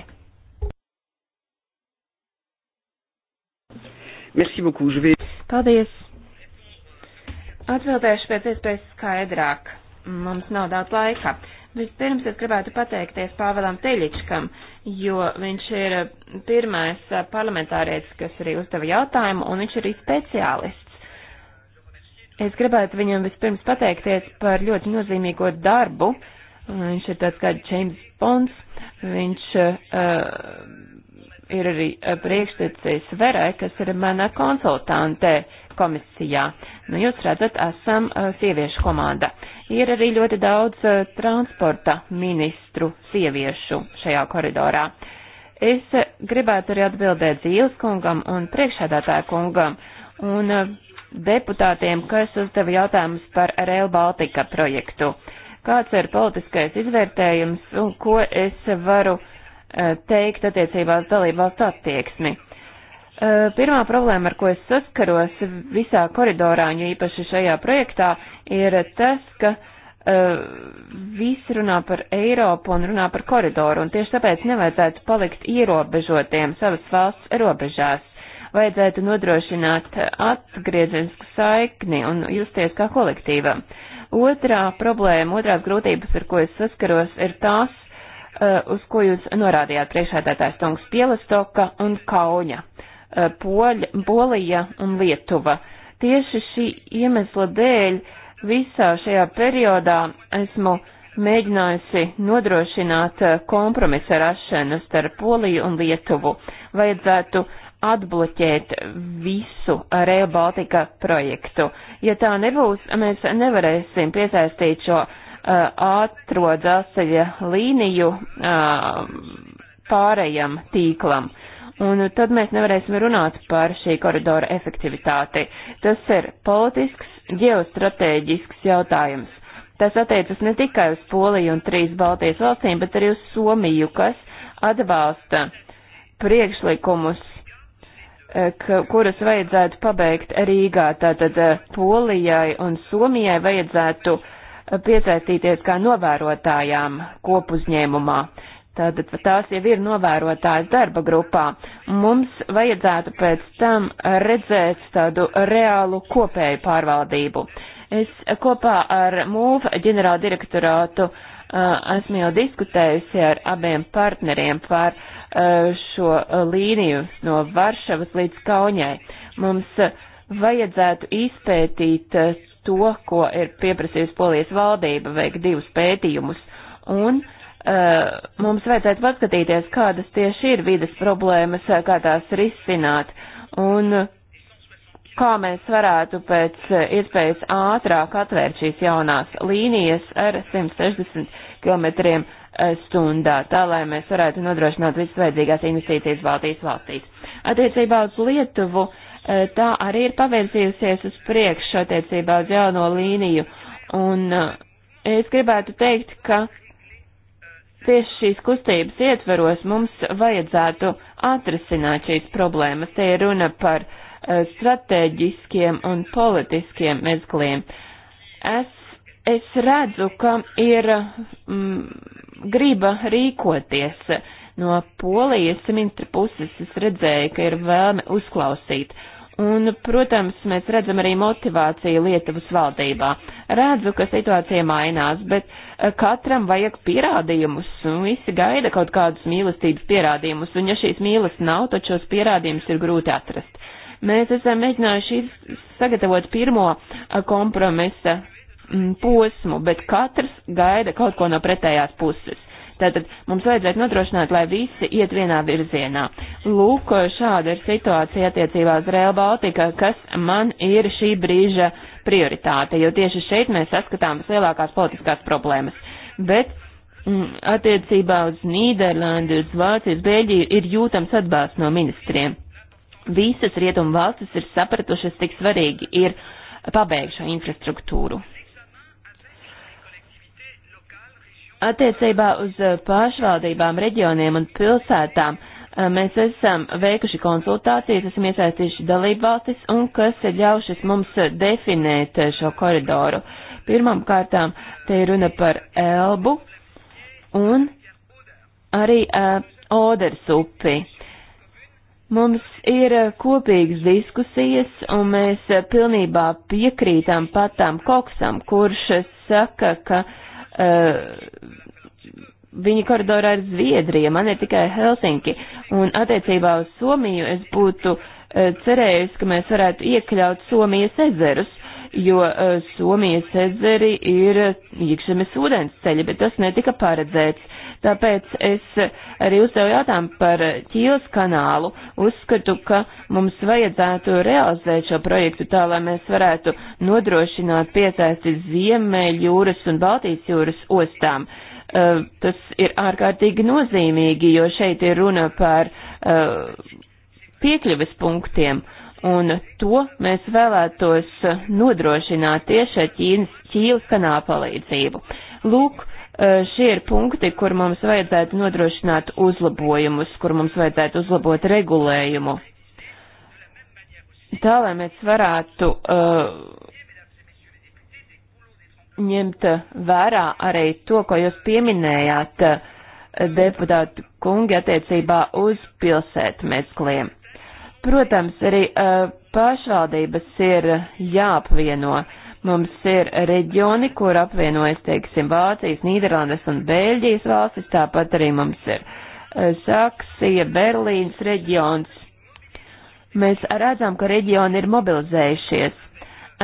Merci beaucoup, je vais. Paldies. Atbildēšu pēc iespējas skaidrāk. Mums nav daudz laika. Vispirms es gribētu pateikties Pāvēlam Teļičkam, jo viņš ir pirmais parlamentārietis, kas arī uzdeva jautājumu, un viņš ir arī speciālists. Es gribētu viņam vispirms pateikties par ļoti nozīmīgo darbu. Viņš ir tāds kā James Bonds, viņš uh, ir arī priekštecis Verai, kas ir mana konsultante uh, komisijā. Nu, jūs redzat, esam sieviešu komanda. Ir arī ļoti daudz transporta ministru sieviešu šajā koridorā. Es gribētu arī atbildēt Zīles kungam un priekšādātāja kungam un deputātiem, kas uzdeva jautājumus par Rail Baltica projektu. Kāds ir politiskais izvērtējums un ko es varu teikt attiecībā uz dalībvalstu attieksmi? Pirmā problēma, ar ko es saskaros visā koridorā, un īpaši šajā projektā, ir tas, ka uh, viss runā par Eiropu un runā par koridoru, un tieši tāpēc nevajadzētu palikt ierobežotiem savas valsts robežās. Vajadzētu nodrošināt atgriezenisku saikni un justies kā kolektīvam. Otrā problēma, otrās grūtības, ar ko es saskaros, ir tās, uh, uz ko jūs norādījāt priekšādātājs Tungs Pielestoka un Kauņa Eh, Poļa, Polija un Lietuva. Tieši šī iemesla dēļ visā šajā periodā esmu mēģinājusi nodrošināt eh, kompromisa rašanu starp Poliju un Lietuvu. Vajadzētu atbloķēt visu Rail Baltica projektu. Ja tā nebūs, mēs nevarēsim piesaistīt šo uh, eh, ātro dzelzceļa līniju uh, pārējam tīklam un tad mēs nevarēsim runāt par šī koridora efektivitāti. Tas ir politisks, ģeostrateģisks jautājums. Tas attiecas ne tikai uz Poliju un trīs Baltijas valstīm, bet arī uz Somiju, kas atbalsta priekšlikumus, e, kurus vajadzētu pabeigt Rīgā. Tātad e, Polijai un Somijai vajadzētu piesaistīties kā novērotājām kopuzņēmumā. Tātad tās jau ir novērotājs darba grupā. Mums vajadzētu pēc tam redzēt tādu reālu kopēju pārvaldību. Es kopā ar MUV ģenerāla direktorātu uh, esmu jau diskutējusi ar abiem partneriem par uh, šo līniju no Varšavas līdz Kaunijai. Mums vajadzētu izpētīt uh, to, ko ir pieprasījusi Polijas valdība, veikt divus pētījumus. Un uh, Eh, mums vajadzētu paskatīties, kādas tieši ir vidas problēmas, eh, kā tās risināt, un eh, kā mēs varētu pēc iespējas ātrāk atvērt šīs jaunās līnijas ar 160 km stundā, tā lai mēs varētu nodrošināt visas vajadzīgās investīcijas Baltijas valstīs. Attiecībā uz Lietuvu tā arī ir pavirzījusies uz priekšu attiecībā uz jauno līniju, un es gribētu teikt, ka tieši šīs kustības ietveros mums vajadzētu atrisināt šīs problēmas. Te ir runa par uh, strateģiskiem un politiskiem mezgliem. Es, es redzu, ka ir mm, griba rīkoties. No polijas ministra puses es redzēju, ka ir vēlme uzklausīt. Uh, Un, protams, mēs redzam arī motivāciju Lietuvas valdībā. Redzu, ka situācija mainās, bet eh, katram vajag pierādījumus, un visi gaida kaut kādus mīlestības pierādījumus, un ja šīs mīlestības nav, tad šos pierādījumus ir grūti atrast. Mēs esam mēģinājuši sagatavot pirmo eh, kompromisa mm, posmu, bet katrs gaida kaut ko no pretējās puses. Tātad mums vajadzētu nodrošināt, lai visi iet vienā virzienā. Lūk, šāda ir situācija attiecībā uz Rail Baltica, kas man ir šī brīža prioritāte, jo tieši šeit mēs saskatām vislielākās politiskās problēmas. Bet mm, attiecībā uz Nīderlandi, uz Vācijas, Bēļģiju ir jūtams atbalsts no ministriem. Visas rietumu valstis ir sapratušas, cik svarīgi ir pabeigt šo infrastruktūru. Attiecībā uz eh, pašvaldībām, reģioniem un pilsētām eh, mēs esam veikuši konsultācijas, esam iesaistījuši dalību valstis un kas ir ļaušas mums eh, definēt šo koridoru. Pirmam kārtām te ir runa par Elbu un arī uh, Oders upi. Mums ir kopīgas diskusijas, un mēs pilnībā piekrītam patām Koksam, kurš saka, ka uh, Eh, viņa koridorā ir Zviedrija, man ir tikai Helsinki, un attiecībā uz Somiju es būtu eh, cerējis, ka mēs varētu iekļaut Somijas ezerus, jo eh, Somijas ezeri ir iekšzemes ūdens ceļi, bet tas netika paredzēts. Tāpēc es arī uzdevu jautājumu par ķīles kanālu. Uzskatu, ka mums vajadzētu realizēt šo projektu tā, lai mēs varētu nodrošināt piesaisti Ziemeļ jūras un Baltijas jūras ostām. Uh, tas ir ārkārtīgi nozīmīgi, jo šeit ir runa par uh, piekļuves punktiem, un to mēs vēlētos nodrošināt tieši ar Ķīnas, Ķīles kanāla palīdzību. Lūk, uh, Eh, šie ir punkti, kur mums vajadzētu nodrošināt uzlabojumus, kur mums vajadzētu uzlabot regulējumu. Tā, lai mēs varētu uh, ņemt vērā arī to, ko jūs pieminējāt, eh, deputāti kungi, attiecībā uz pilsētmezgliem. Protams, arī uh, pašvaldības ir jāapvieno. Uh, Mums ir reģioni, kur apvienojas, teiksim, Vācijas, Nīderlandes un Bēļģijas valstis, tāpat arī mums ir eh, Saksija, Berlīnas reģions. Mēs redzam, ka reģioni ir mobilizējušies.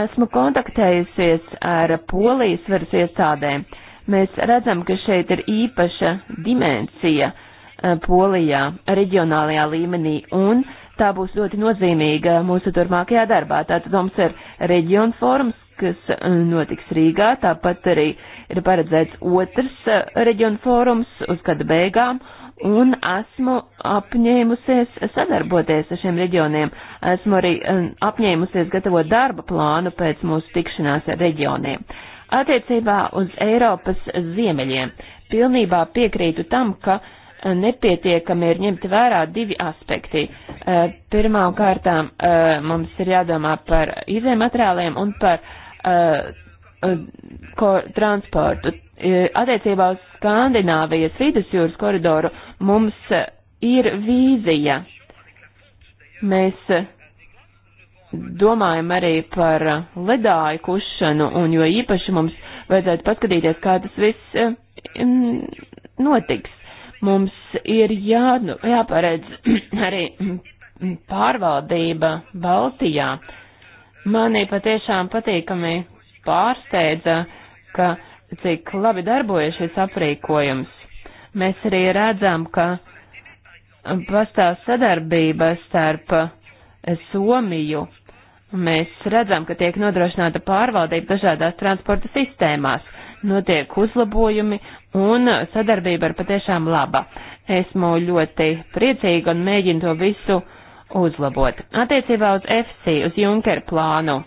Esmu kontaktējusies ar polijas varas iestādēm. Mēs redzam, ka šeit ir īpaša dimensija eh, Polijā, reģionālajā līmenī, un tā būs ļoti nozīmīga mūsu turpmākajā darbā. Tātad mums ir reģionu forums, kas eh, notiks Rīgā, tāpat arī ir paredzēts otrs eh, reģionu fórums uz gada beigām, un esmu apņēmusies sadarboties ar šiem reģioniem. Esmu arī eh, apņēmusies gatavot darba plānu pēc mūsu tikšanās ar reģioniem. Attiecībā uz Eiropas ziemeļiem pilnībā piekrītu tam, ka nepietiekami ir ņemti vērā divi aspekti. Pirmām kārtām mums ir jādomā par izējumateriāliem un par uh, uh transportu. E, attiecībā uz Skandināvijas vidusjūras koridoru mums e, ir vīzija. Mēs e, domājam arī par ledāju kušanu, un jo īpaši mums vajadzētu paskatīties, kā tas viss notiks. Mums ir jā, jāparedz *clears throat* arī pārvaldība Baltijā. Uh, Mani patiešām patīkami pārsteidza, ka cik labi darbojas šis aprīkojums. Mēs arī redzam, ka pastāv sadarbība starp Somiju. Mēs redzam, ka tiek nodrošināta pārvaldība dažādās transporta sistēmās, notiek uzlabojumi un sadarbība ir patiešām laba. Esmu ļoti priecīga un mēģinu to visu uh, uzlabot. Attiecībā uz FC, uz Junker plānu,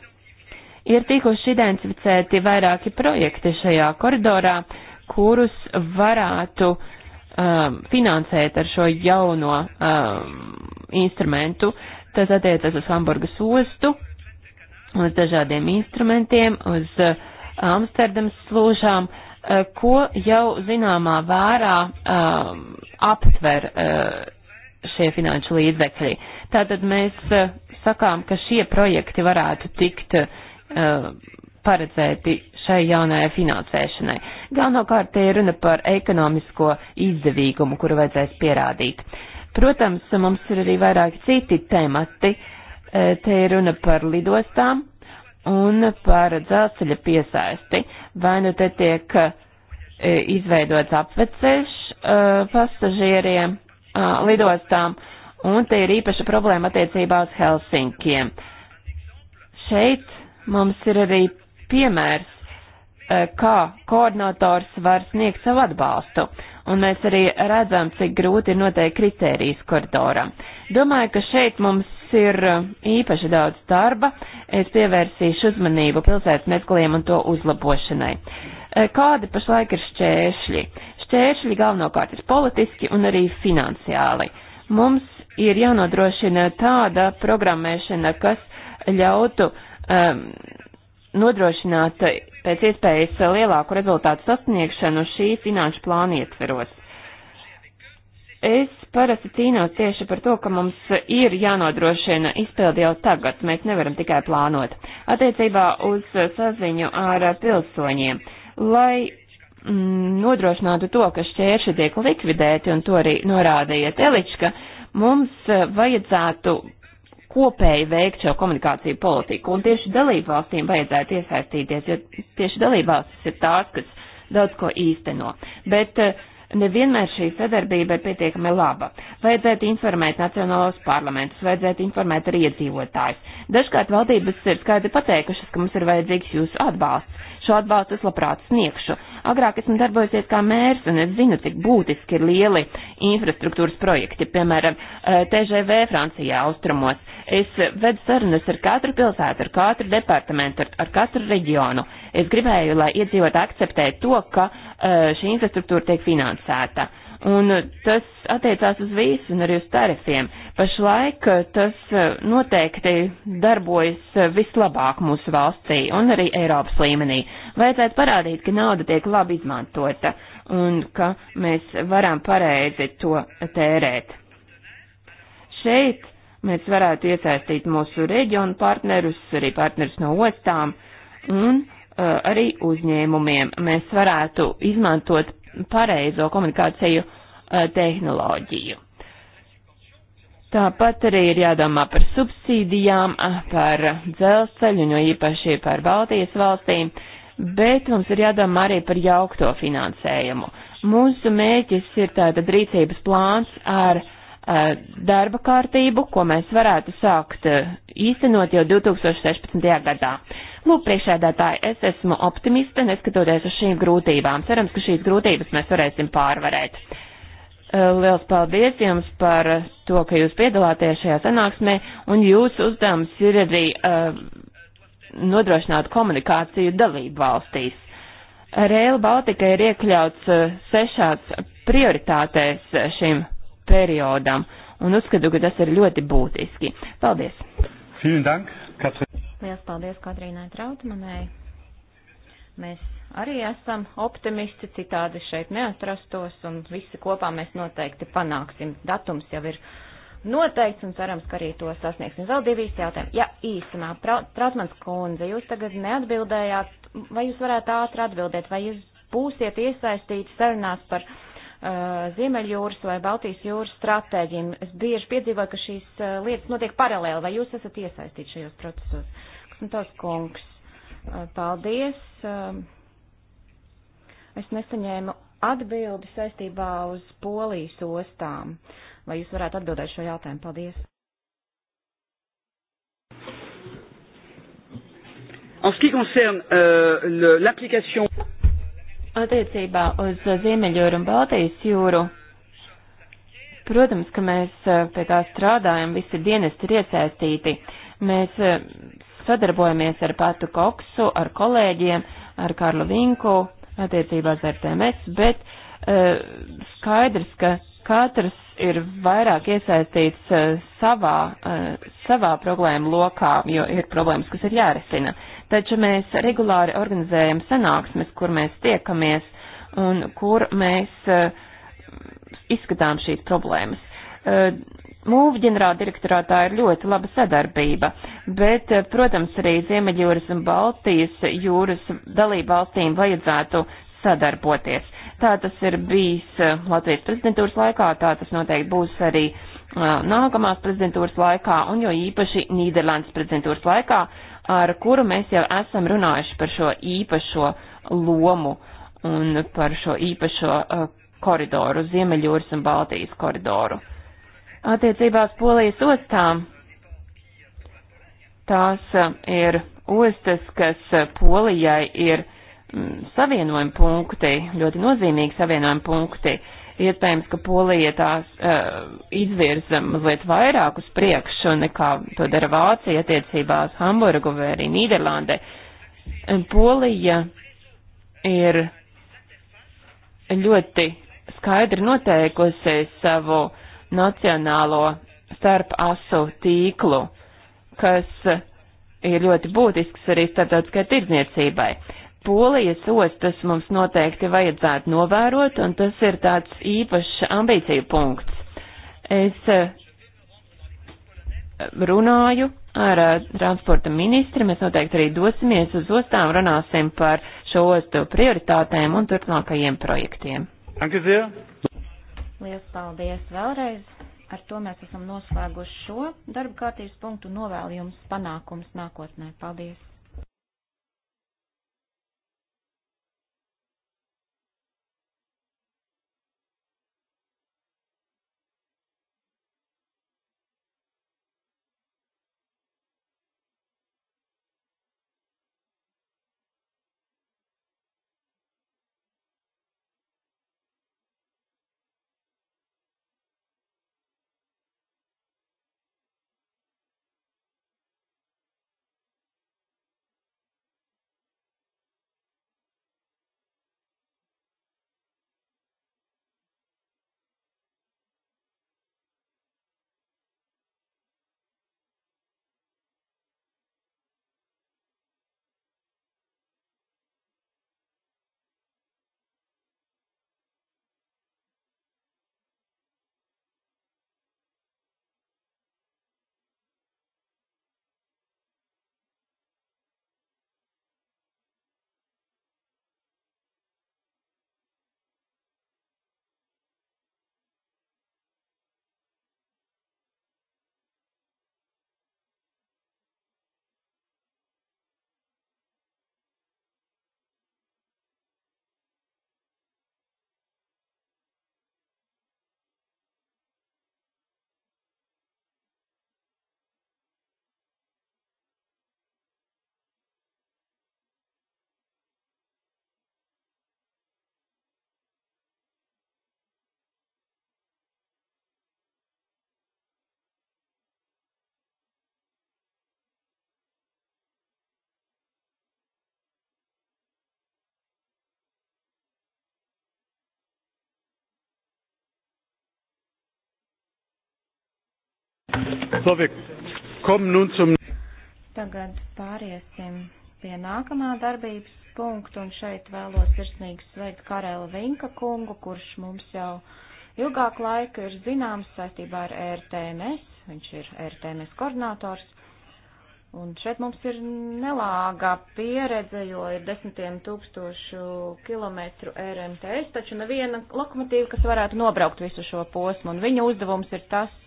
ir tikuši identificēti vairāki projekti šajā koridorā, kurus varētu um, finansēt ar šo jauno um, instrumentu. Tas attiecas uz Hamburgas ostu, uz dažādiem instrumentiem, uz uh, Amsterdams slūžām, uh, ko jau zināmā vērā uh, aptver uh, šie finanšu līdzekļi. Uh, Tātad mēs eh, sakām, ka šie projekti varētu tikt uh, paredzēti šai jaunajai finansēšanai. Galvenokārt te ir runa par ekonomisko izdevīgumu, kuru vajadzēs pierādīt. Protams, mums ir arī vairāki citi temati. Eh, te ir runa par lidostām un par dzelzceļa piesaisti. Vai nu te tiek izveidots apveceļš pasažieriem lidostām, un te ir īpaša problēma attiecībā uz Helsinkiem. Šeit mums ir arī piemērs, eh, kā koordinators var sniegt savu atbalstu, un mēs arī redzam, cik grūti ir noteikt kritērijas koridoram. Domāju, ka šeit mums ir eh, īpaši daudz darba, es pievērsīšu uzmanību pilsētas mezgliem un to uzlabošanai. Eh, kādi pašlaik ir šķēršļi? Šķēršļi galvenokārt ir politiski un arī finansiāli. Mums ir jānodrošina tāda programmēšana, kas ļautu um, nodrošināt pēc iespējas lielāku rezultātu sasniegšanu šī finanšu plāna ietveros. Es parasti cīnos tieši par to, ka mums ir jānodrošina izpildi jau tagad, mēs nevaram tikai plānot. Attiecībā uz saziņu ar pilsoņiem, lai mm, nodrošinātu to, ka šķērši tiek likvidēti, un to arī norādīja Telička, uh, Mums eh, vajadzētu kopēji veikt šo komunikāciju politiku, un tieši dalībvalstīm vajadzētu iesaistīties, jo tieši dalībvalstis ir tās, kas daudz ko īsteno. Bet eh, nevienmēr šī sadarbība ir pietiekami laba. Vajadzētu informēt nacionālos parlamentus, vajadzētu informēt arī iedzīvotājus. Dažkārt valdības ir skaidri pateikušas, ka mums ir vajadzīgs jūsu atbalsts. Šo atbalstu es labprāt sniegšu. Agrāk esmu darbojusies kā mērs, un es zinu, cik būtiski ir lieli infrastruktūras projekti, piemēram, eh, TGV Francijā austrumos. Es vedu sarunas ar katru pilsētu, ar katru departamentu, ar, ar katru reģionu. Es gribēju, lai iedzīvotāji akceptē to, ka eh, šī infrastruktūra tiek finansēta. Uh, un eh, tas attiecās uz visu un arī uz tarifiem. Pašlaik eh, tas eh, noteikti darbojas vislabāk mūsu valstī un arī Eiropas līmenī. Vajadzētu parādīt, ka nauda tiek labi izmantota un ka mēs varam pareizi to tērēt. Šeit mēs varētu iesaistīt mūsu reģionu partnerus, arī partnerus no ostām un uh, arī uzņēmumiem. Mēs varētu izmantot pareizo komunikāciju eh, tehnoloģiju. Tāpat arī ir jādomā par subsīdijām, eh, par dzelzceļu, jo īpaši par Baltijas valstīm, bet mums ir jādomā arī par jaukto finansējumu. Mūsu mēķis ir tātad rīcības plāns ar uh, darba kārtību, ko mēs varētu sākt uh, īstenot jau 2016. gadā. Uh, Lūk, priekšēdētāji, es esmu optimiste, neskatoties uz šīm grūtībām. Cerams, ka šīs grūtības mēs varēsim pārvarēt. Liels paldies jums par to, ka jūs piedalāties šajā sanāksmē, un jūsu uzdevums ir arī uh, nodrošināt komunikāciju dalību valstīs. Rail Baltica ir iekļauts sešās prioritātēs šim periodam, un uzskatu, ka tas ir ļoti būtiski. Paldies! Vielen Dank, Katrin. Lielas paldies Katrīnai Trautmanai. Mēs arī esam optimisti, citādi šeit neatrastos, un visi kopā mēs noteikti panāksim. Datums jau ir noteikts, un cerams, ka arī to sasniegsim. Vēl divi īsti jautājumi. Ja īsumā, Trautmans kundze, jūs tagad neatbildējāt, vai jūs varētu ātri atbildēt, vai jūs būsiet iesaistīti sarunās par Uh, Ziemeļjūras vai Baltijas jūras stratēģiem. Es bieži piedzīvoju, ka šīs uh, lietas notiek paralēli, vai jūs esat iesaistīti šajos procesos. Kusmitovs kungs, uh, paldies. Um, es nesaņēmu atbildi saistībā uz polijas ostām. Vai jūs varētu atbildēt šo jautājumu? Paldies. En ce qui concerne euh, l'application Attiecībā uz Ziemeļjūru un Baltijas jūru, protams, ka mēs eh, pie tā strādājam, visi dienesti ir iesaistīti. Mēs eh, sadarbojamies ar Patu Koksu, ar kolēģiem, ar Karlu Vinku, attiecībās ar TMS, bet uh, skaidrs, ka katrs ir vairāk iesaistīts uh, savā, uh, savā problēmu lokā, jo ir problēmas, kas ir jārisina taču mēs regulāri organizējam sanāksmes, kur mēs tiekamies un kur mēs eh, izskatām šīs problēmas. Eh, MUV ģenerāla direktorātā ir ļoti laba sadarbība, bet, eh, protams, arī Ziemeļjūras un Baltijas jūras dalībvalstīm vajadzētu sadarboties. Tā tas ir bijis Latvijas prezidentūras laikā, tā tas noteikti būs arī nākamās prezidentūras laikā un jo īpaši Nīderlandes prezidentūras laikā, ar kuru mēs jau esam runājuši par šo īpašo lomu un par šo īpašo uh, koridoru, Ziemeļjūras un Baltijas koridoru. Attiecībās Polijas ostām tās uh, ir ostas, kas uh, Polijai ir mm, savienojumi punkti, ļoti nozīmīgi savienojumi punkti. Uh, Iespējams, ka Polija tās uh, izvirza mazliet vairāk uz priekšu nekā to dara Vācija attiecībā uz Hamburgu vai arī Nīderlandē. Eh, Polija ir ļoti skaidri noteikusi savu nacionālo starp asu tīklu, kas ir ļoti būtisks arī starptautiskai tirdzniecībai. Polijas ostas mums noteikti vajadzētu novērot, un tas ir tāds īpašs ambīciju punkts. Es eh, runāju ar eh, transporta ministri, mēs noteikti arī dosimies uz ostām, runāsim par šo ostu prioritātēm un turpmākajiem projektiem. Lielas paldies vēlreiz! Ar to mēs esam noslēguši šo darba kārtības punktu novēlu jums panākums nākotnē. Paldies! So, wir kommen nun zum. Tagad pāriesim pie nākamā darbības punktu, un šeit vēlos sirsnīgi sveikt Karela Vinka kungu, kurš mums jau ilgāku laiku ir zināms saistībā ar RTMS, viņš ir RTMS koordinators, un šeit mums ir nelāgā pieredze, jo ir desmitiem tūkstošu kilometru RMTS, taču neviena lokomotīva, kas varētu nobraukt visu šo posmu, un viņa uzdevums ir tas,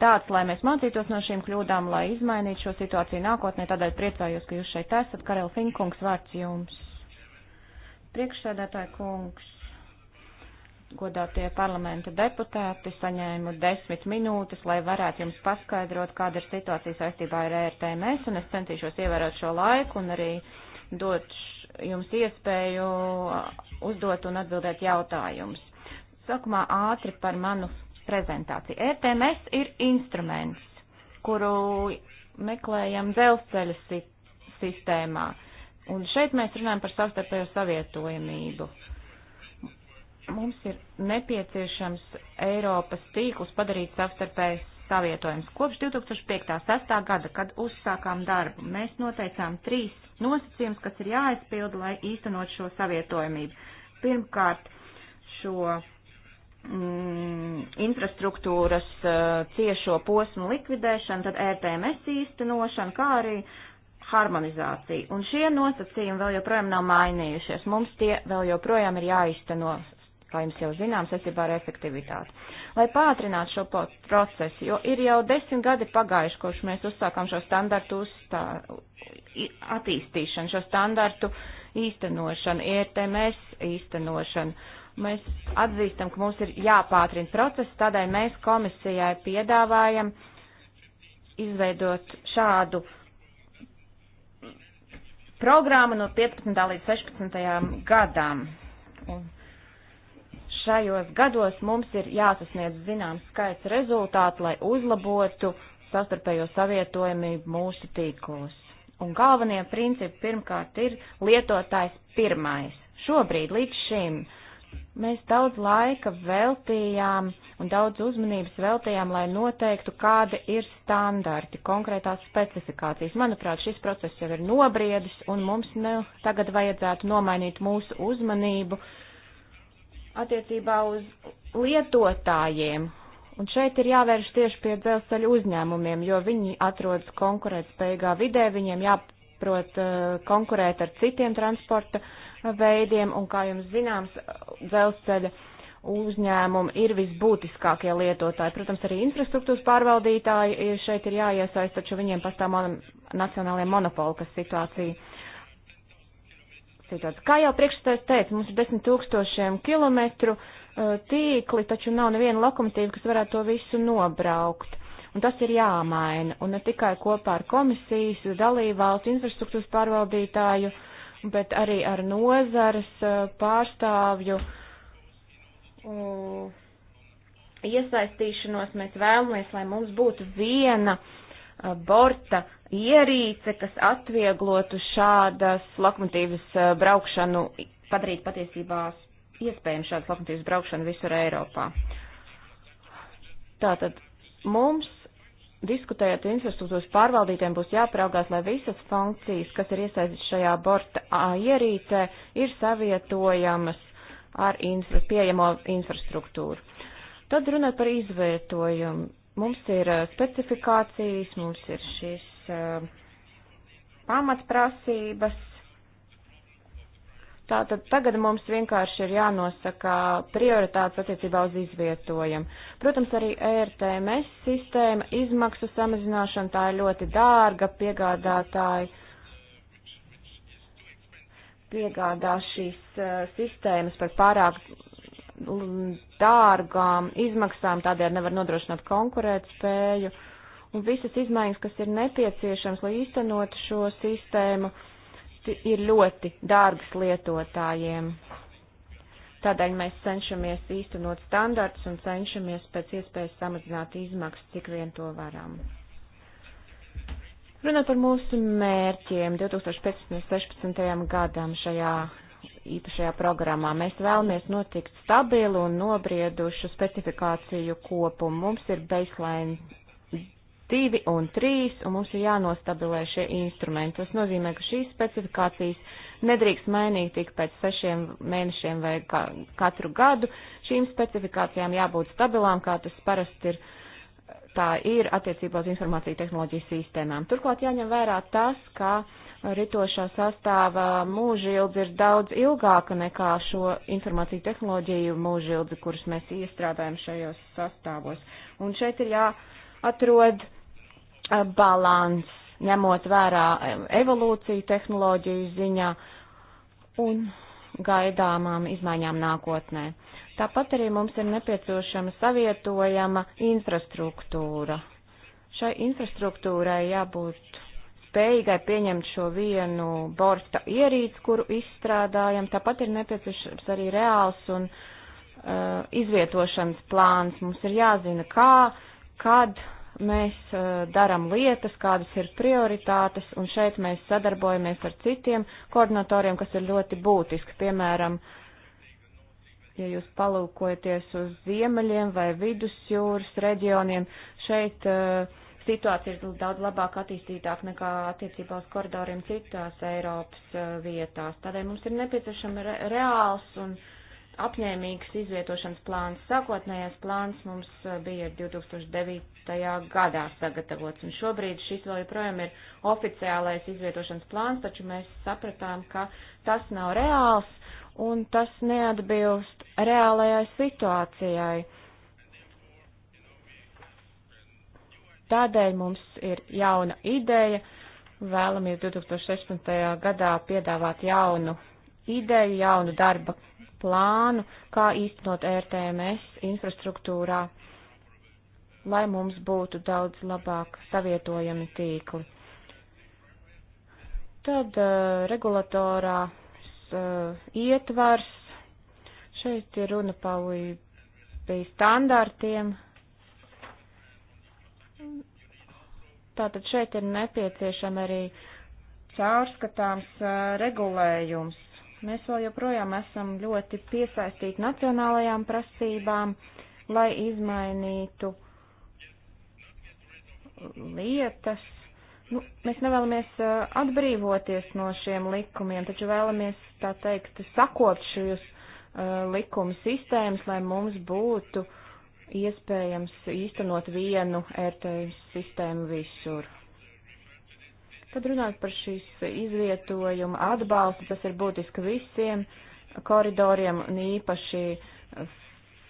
tāds, lai mēs mācītos no šīm kļūdām, lai izmainītu šo situāciju nākotnē. Tādēļ priecājos, ka jūs šeit esat. Karel Finkungs, vārds jums. Priekšsēdētāja kungs, godātie parlamenta deputāti, saņēmu desmit minūtes, lai varētu jums paskaidrot, kāda ir situācija saistībā ar ERTMS, un es centīšos ievērot šo laiku un arī dot jums iespēju uzdot un atbildēt jautājumus. Sākumā ātri par manu prezentāciju. RTMS ir instruments, kuru meklējam dzelzceļa si sistēmā. Un šeit mēs runājam par savstarpējo savietojamību. Mums ir nepieciešams Eiropas tīklus padarīt savstarpēji savietojams. Kopš 2005.6. gada, kad uzsākām darbu, mēs noteicām trīs nosacījumus, kas ir jāaizpilda, lai īstenot šo savietojamību. Pirmkārt, šo mm, infrastruktūras uh, ciešo posmu likvidēšana, tad RTMS e īstenošana, kā arī harmonizācija. Un šie nosacījumi vēl joprojām nav mainījušies. Mums tie vēl joprojām ir jāizteno, kā jums jau zināms, esībā ar efektivitāti. Lai pātrinātu šo procesu, jo ir jau desmit gadi pagājuši, kopš mēs uzsākām šo standartu uzstā, attīstīšanu, šo standartu īstenošanu, IRTMS e īstenošanu. Mēs atzīstam, ka mums ir jāpātrina process, tādēļ mēs komisijai piedāvājam izveidot šādu programmu no 15. līdz 16. gadam. Un šajos gados mums ir jāsasniedz zināms skaits rezultātu, lai uzlabotu sastarpējo savietojamību mūsu tīklos. Un galvenie principi pirmkārt ir lietotājs pirmais. Šobrīd līdz šim Mēs daudz laika veltījām un daudz uzmanības veltījām, lai noteiktu, kāda ir standarti, konkrētās specifikācijas. Manuprāt, šis process jau ir nobriedis un mums ne, tagad vajadzētu nomainīt mūsu uzmanību attiecībā uz lietotājiem. Un šeit ir jāvērš tieši pie dzelzceļa uzņēmumiem, jo viņi atrodas konkurētspējīgā vidē, viņiem jāprot uh, konkurēt ar citiem transporta uh, veidiem, un kā jums zināms, dzelzceļa uzņēmumi ir visbūtiskākie lietotāji. Protams, arī infrastruktūras pārvaldītāji šeit ir jāiesaist, taču viņiem pastāv mon nacionālajie monopoli, kas situācija. Situācija. Kā jau priekšstājs teica, mums ir desmit tūkstošiem kilometru uh, tīkli, taču nav neviena lokomotīva, kas varētu to visu nobraukt. Un tas ir jāmaina, un ne tikai kopā ar komisijas, dalībvalstu infrastruktūras pārvaldītāju uh, bet arī ar nozares eh, pārstāvju iesaistīšanos. Mēs vēlamies, lai mums būtu viena eh, borta ierīce, kas atvieglotu šādas lokomotīvas eh, braukšanu, padarīt patiesībā iespējams šādas lokomotīvas braukšanu visur Eiropā. Tātad mums diskutējot infrastruktūras pārvaldītēm, būs jāpraugās, lai visas funkcijas, kas ir iesaistītas šajā borta ierīcē, ir savietojamas ar infra, pieejamo infrastruktūru. Tad runāt par izvietojumu. Mums ir specifikācijas, mums ir šis uh, pamatprasības, Tātad tagad mums vienkārši ir jānosaka prioritātes attiecībā uz izvietojumu. Protams, arī ERTMS sistēma, izmaksu samazināšana, tā ir ļoti dārga, piegādātāji piegādā šīs uh, sistēmas par pārāk dārgām izmaksām, tādēļ nevar nodrošināt konkurētspēju. Un visas izmaiņas, kas ir nepieciešams, lai īstenot šo sistēmu, uh, ir ļoti dārgas lietotājiem. Tādēļ mēs cenšamies īstenot standarts un cenšamies pēc iespējas samazināt izmaksas, cik vien to varam. Runāt par mūsu mērķiem 2015. gadam šajā īpašajā programmā. Mēs vēlamies notikt stabilu un nobriedušu specifikāciju kopumu. Mums ir baseline 2 un 3, un mums ir jānostabilē šie instrumenti. Tas nozīmē, ka šīs specifikācijas nedrīkst mainīt tik pēc sešiem mēnešiem vai ka, katru gadu. Šīm specifikācijām jābūt stabilām, kā tas parasti ir. Tā ir attiecībā uz informāciju tehnoloģiju sistēmām. Turklāt jāņem vērā tas, ka ritošā sastāvā mūžildze ir daudz ilgāka nekā šo informāciju tehnoloģiju mūžildze, kuras mēs iestrādājam šajos sastāvos. Un šeit ir jāatrod uh, balans, ņemot vērā e, evolūciju tehnoloģiju ziņā un gaidāmām izmaiņām nākotnē. Tāpat arī mums ir nepieciešama savietojama infrastruktūra. Šai infrastruktūrai jābūt spējīgai pieņemt šo vienu borta ierīci, kuru izstrādājam. Tāpat ir nepieciešams arī reāls un uh, izvietošanas plāns. Mums ir jāzina, kā, kad mēs uh, darām lietas, kādas ir prioritātes, un šeit mēs sadarbojamies ar citiem koordinatoriem, kas ir ļoti būtiski. Piemēram, ja jūs palūkojaties uz ziemeļiem vai vidusjūras reģioniem, šeit uh, situācija ir daudz labāk attīstītāk nekā attiecībā uz koridoriem citās Eiropas uh, vietās. Tādēļ mums ir nepieciešama re reāls un uh, apņēmīgs izvietošanas plāns. Sākotnējais plāns mums uh, bija 2009. gadā sagatavots, un šobrīd šis vēl joprojām ir oficiālais izvietošanas plāns, taču mēs sapratām, ka tas nav reāls un tas neatbilst reālajai situācijai. Tādēļ mums ir jauna ideja, vēlamies 2016. gadā piedāvāt jaunu ideju, jaunu darba plānu, kā īstenot RTMS infrastruktūrā, lai mums būtu daudz labāk savietojami tīkli. Tad uh, eh, regulatorā uh, eh, ietvars, šeit ir runa palī pie standartiem. Tātad šeit ir nepieciešama arī caurskatāms eh, regulējums Mēs vēl joprojām esam ļoti piesaistīti nacionālajām prasībām, lai izmainītu lietas. Nu, mēs nevēlamies atbrīvoties no šiem likumiem, taču vēlamies, tā teikt, sakot šīs uh, likuma sistēmas, lai mums būtu iespējams īstenot vienu ērtēju sistēmu visur. Tad runājot par šīs izvietojuma atbalstu, tas ir būtiski visiem koridoriem un īpaši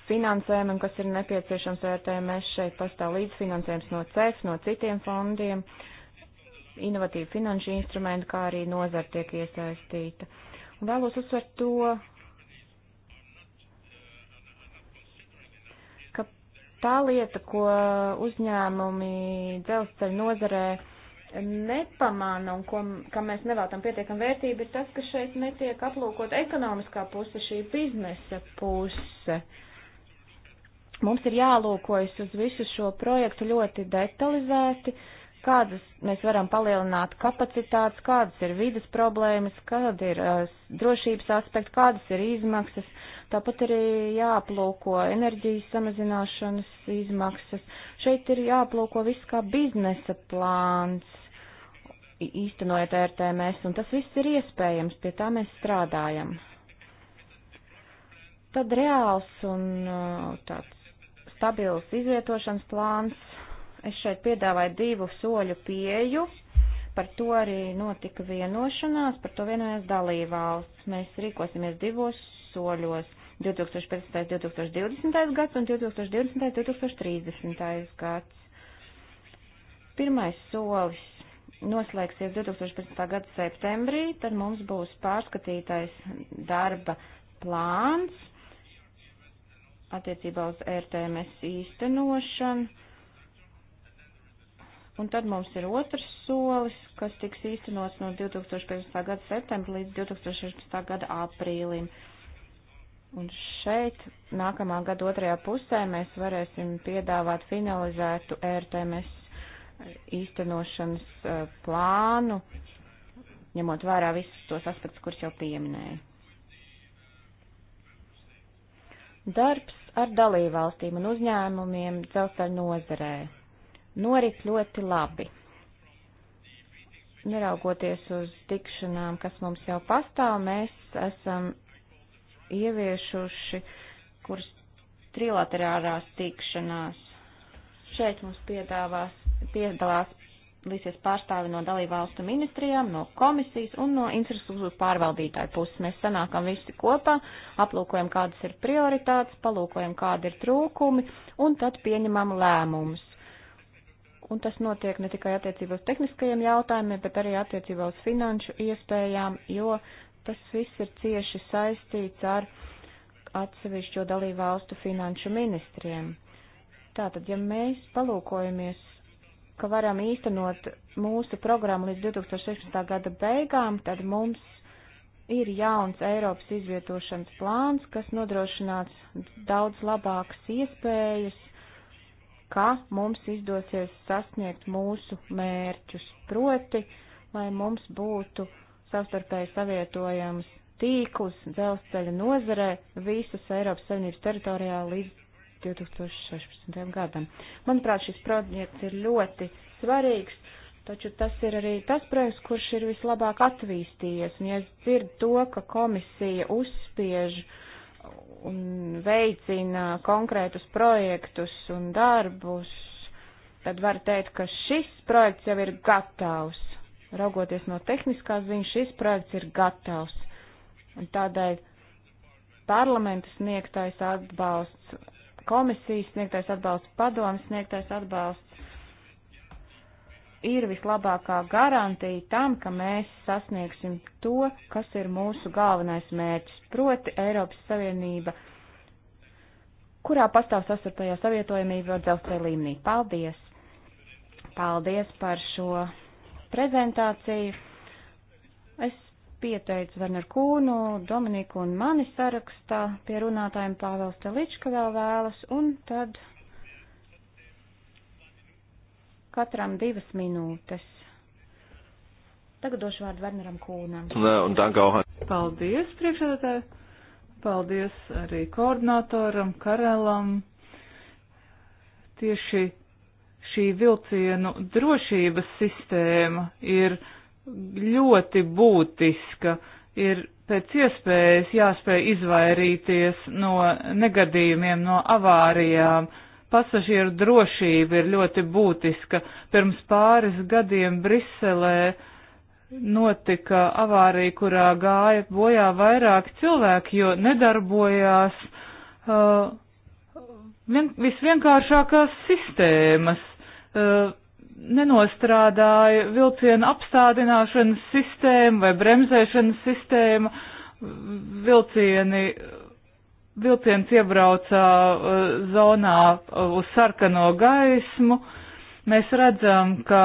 finansējumam, kas ir nepieciešams ērtēmēs. Šeit pastāv līdzfinansējums no CEF, no citiem fondiem, inovatīvi finanšu instrumenti, kā arī nozar tiek iesaistīta. Un vēlos uzsvert to, ka tā lieta, ko uzņēmumi dzelzceļa nozarē nepamāna un ko, kam mēs nevēltam pietiekam vērtību, ir tas, ka šeit netiek aplūkot ekonomiskā puse, šī biznesa puse. Mums ir jālūkojas uz visu šo projektu ļoti detalizēti, uh, kādas mēs varam palielināt kapacitātes, kādas ir vidas problēmas, kāda ir uh, drošības aspekti, kādas ir izmaksas. Tāpat arī jāaplūko enerģijas samazināšanas izmaksas. Šeit ir jāaplūko viss kā biznesa plāns, īstenojot RTMS, un tas viss ir iespējams, pie tā mēs strādājam. Tad reāls un uh, tāds stabils izvietošanas plāns Es šeit piedāvāju divu soļu pieju. Par to arī notika vienošanās, par to vienojās dalībvalsts. Mēs rīkosimies divos soļos. 2015. 2020. gads un 2020. 2030. gads. Pirmais solis noslēgsies 2015. gada septembrī, tad mums būs pārskatītais darba plāns attiecībā uz RTMS īstenošanu Un tad mums ir otrs solis, kas tiks īstenots no 2015. gada septembra līdz 2016. gada aprīlim. Un šeit nākamā gada otrajā pusē mēs varēsim piedāvāt finalizētu ērtēmēs īstenošanas eh, plānu, ņemot vērā visus tos aspektus, kurus jau pieminēju. Darbs ar dalībvalstīm un uzņēmumiem dzelzceļa nozarē norit ļoti labi. Neraugoties uz tikšanām, kas mums jau pastāv, mēs esam ieviešuši kurs trilaterārās tikšanās. Šeit mums piedāvās, piedalās līdzies pārstāvi no dalībvalstu ministrijām, no komisijas un no infrastruktūras pārvaldītāju puses. Mēs sanākam visi kopā, aplūkojam, kādas ir prioritātes, palūkojam, kādi ir trūkumi un tad pieņemam lēmumus un tas notiek ne tikai attiecībā uz tehniskajiem jautājumiem, bet arī attiecībā uz finanšu iespējām, jo tas viss ir cieši saistīts ar atsevišķo dalību valstu finanšu ministriem. Tātad, ja mēs palūkojamies, ka varam īstenot mūsu programmu līdz 2016. gada beigām, tad mums ir jauns Eiropas izvietošanas plāns, kas nodrošinās daudz labākas iespējas ka mums izdosies sasniegt mūsu mērķus, proti, lai mums būtu savstarpēji savietojams tīklus dzelzceļa nozarē visas Eiropas Savienības teritorijā līdz 2016. gadam. Manuprāt, šis projekts ir ļoti svarīgs, taču tas ir arī tas projekts, kurš ir vislabāk attīstījies. Un ja es dzirdu to, ka komisija uzspiež uh, un veicina konkrētus projektus un darbus, tad var teikt, ka šis projekts jau ir gatavs. Raugoties no tehniskās ziņas, šis projekts ir gatavs. Un tādēļ parlamenta sniegtais atbalsts, komisijas sniegtais atbalsts, padomas sniegtais atbalsts ir vislabākā garantija tam, ka mēs sasniegsim to, kas ir mūsu galvenais mērķis, proti Eiropas Savienība, kurā pastāv sastarpējā savietojamība ar dzelzceļa līmenī. Paldies! Paldies par šo prezentāciju. Es pieteicu Werner Kūnu, Dominiku un mani sarakstā pie runātājiem Pāvels Telička vēl vēlas, un tad katram divas minūtes. Tagad došu vārdu Werneram Kūnam. Paldies, priekšsēdētāji! Paldies arī koordinatoram Karelam. Tieši šī vilcienu drošības sistēma ir ļoti būtiska. Ir pēc iespējas jāspēj izvairīties no negadījumiem, no avārijām Pasažieru drošība ir ļoti būtiska. Pirms pāris gadiem Briselē notika avārija, kurā gāja bojā vairāk cilvēku, jo nedarbojās uh, vien, visvienkāršākās sistēmas. Uh, nenostrādāja vilciena apstādināšanas sistēma vai bremzēšanas sistēma, vilcieni vilciens iebrauca uh, zonā uh, uz sarkano gaismu, mēs redzam, ka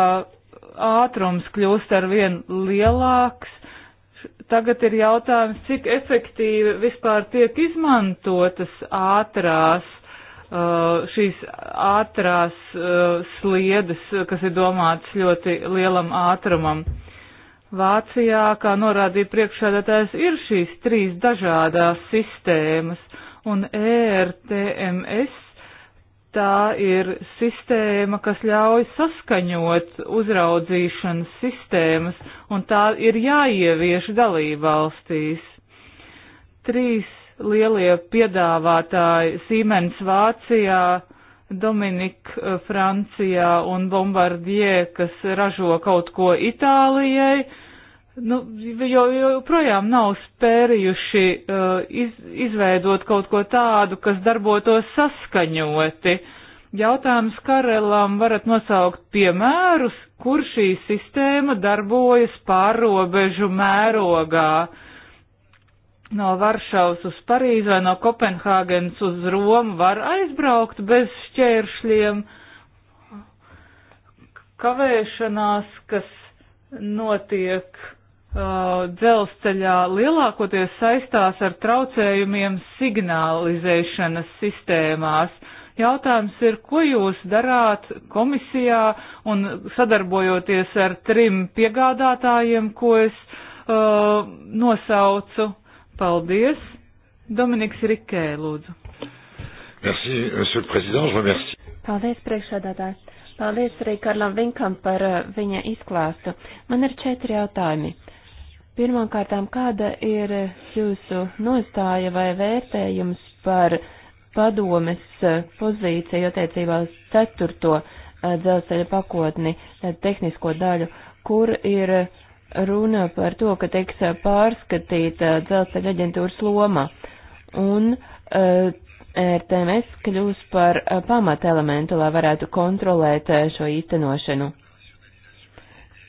ātrums kļūst ar vien lielāks. Tagad ir jautājums, cik efektīvi vispār tiek izmantotas ātrās, uh, šīs ātrās sliedes, kas ir domātas ļoti lielam ātrumam. Vācijā, kā norādīja priekšādātājs, ir šīs trīs dažādās sistēmas un ERTMS tā ir sistēma, kas ļauj saskaņot uzraudzīšanas sistēmas, un tā ir jāievieš dalībvalstīs. Trīs lielie piedāvātāji - Siemens Vācijā, Dominik eh, Francijā un Bombardier, kas ražo kaut ko Itālijai, nu, jo, jo projām nav spērījuši uh, iz, izveidot kaut ko tādu, kas darbotos saskaņoti. Jautājums Karelam varat nosaukt piemērus, kur šī sistēma darbojas pārobežu mērogā. No Varšavas uz Parīzi vai no Kopenhāgenes uz Romu var aizbraukt bez šķēršļiem. Kavēšanās, kas notiek Uh, dzelzceļā lielākoties saistās ar traucējumiem signalizēšanas sistēmās. Jautājums ir, ko jūs darāt komisijā un sadarbojoties ar trim piegādātājiem, ko es uh, nosaucu. Paldies! Dominiks Rikē, lūdzu. Merci, monsieur le président, je remercie. Paldies, priekšsādātājs. Paldies arī Karlam Vinkam par uh, viņa izklāstu. Man ir četri jautājumi. Uh, Pirmkārtām, kāda ir jūsu nostāja vai vērtējums par padomes pozīciju attiecībā uz ceturto eh, dzelzceļa pakotni, eh, tehnisko daļu, kur ir runa par to, ka tiks pārskatīta dzelzceļa aģentūras loma un eh, RTMS kļūs par pamata elementu, lai varētu kontrolēt šo īstenošanu.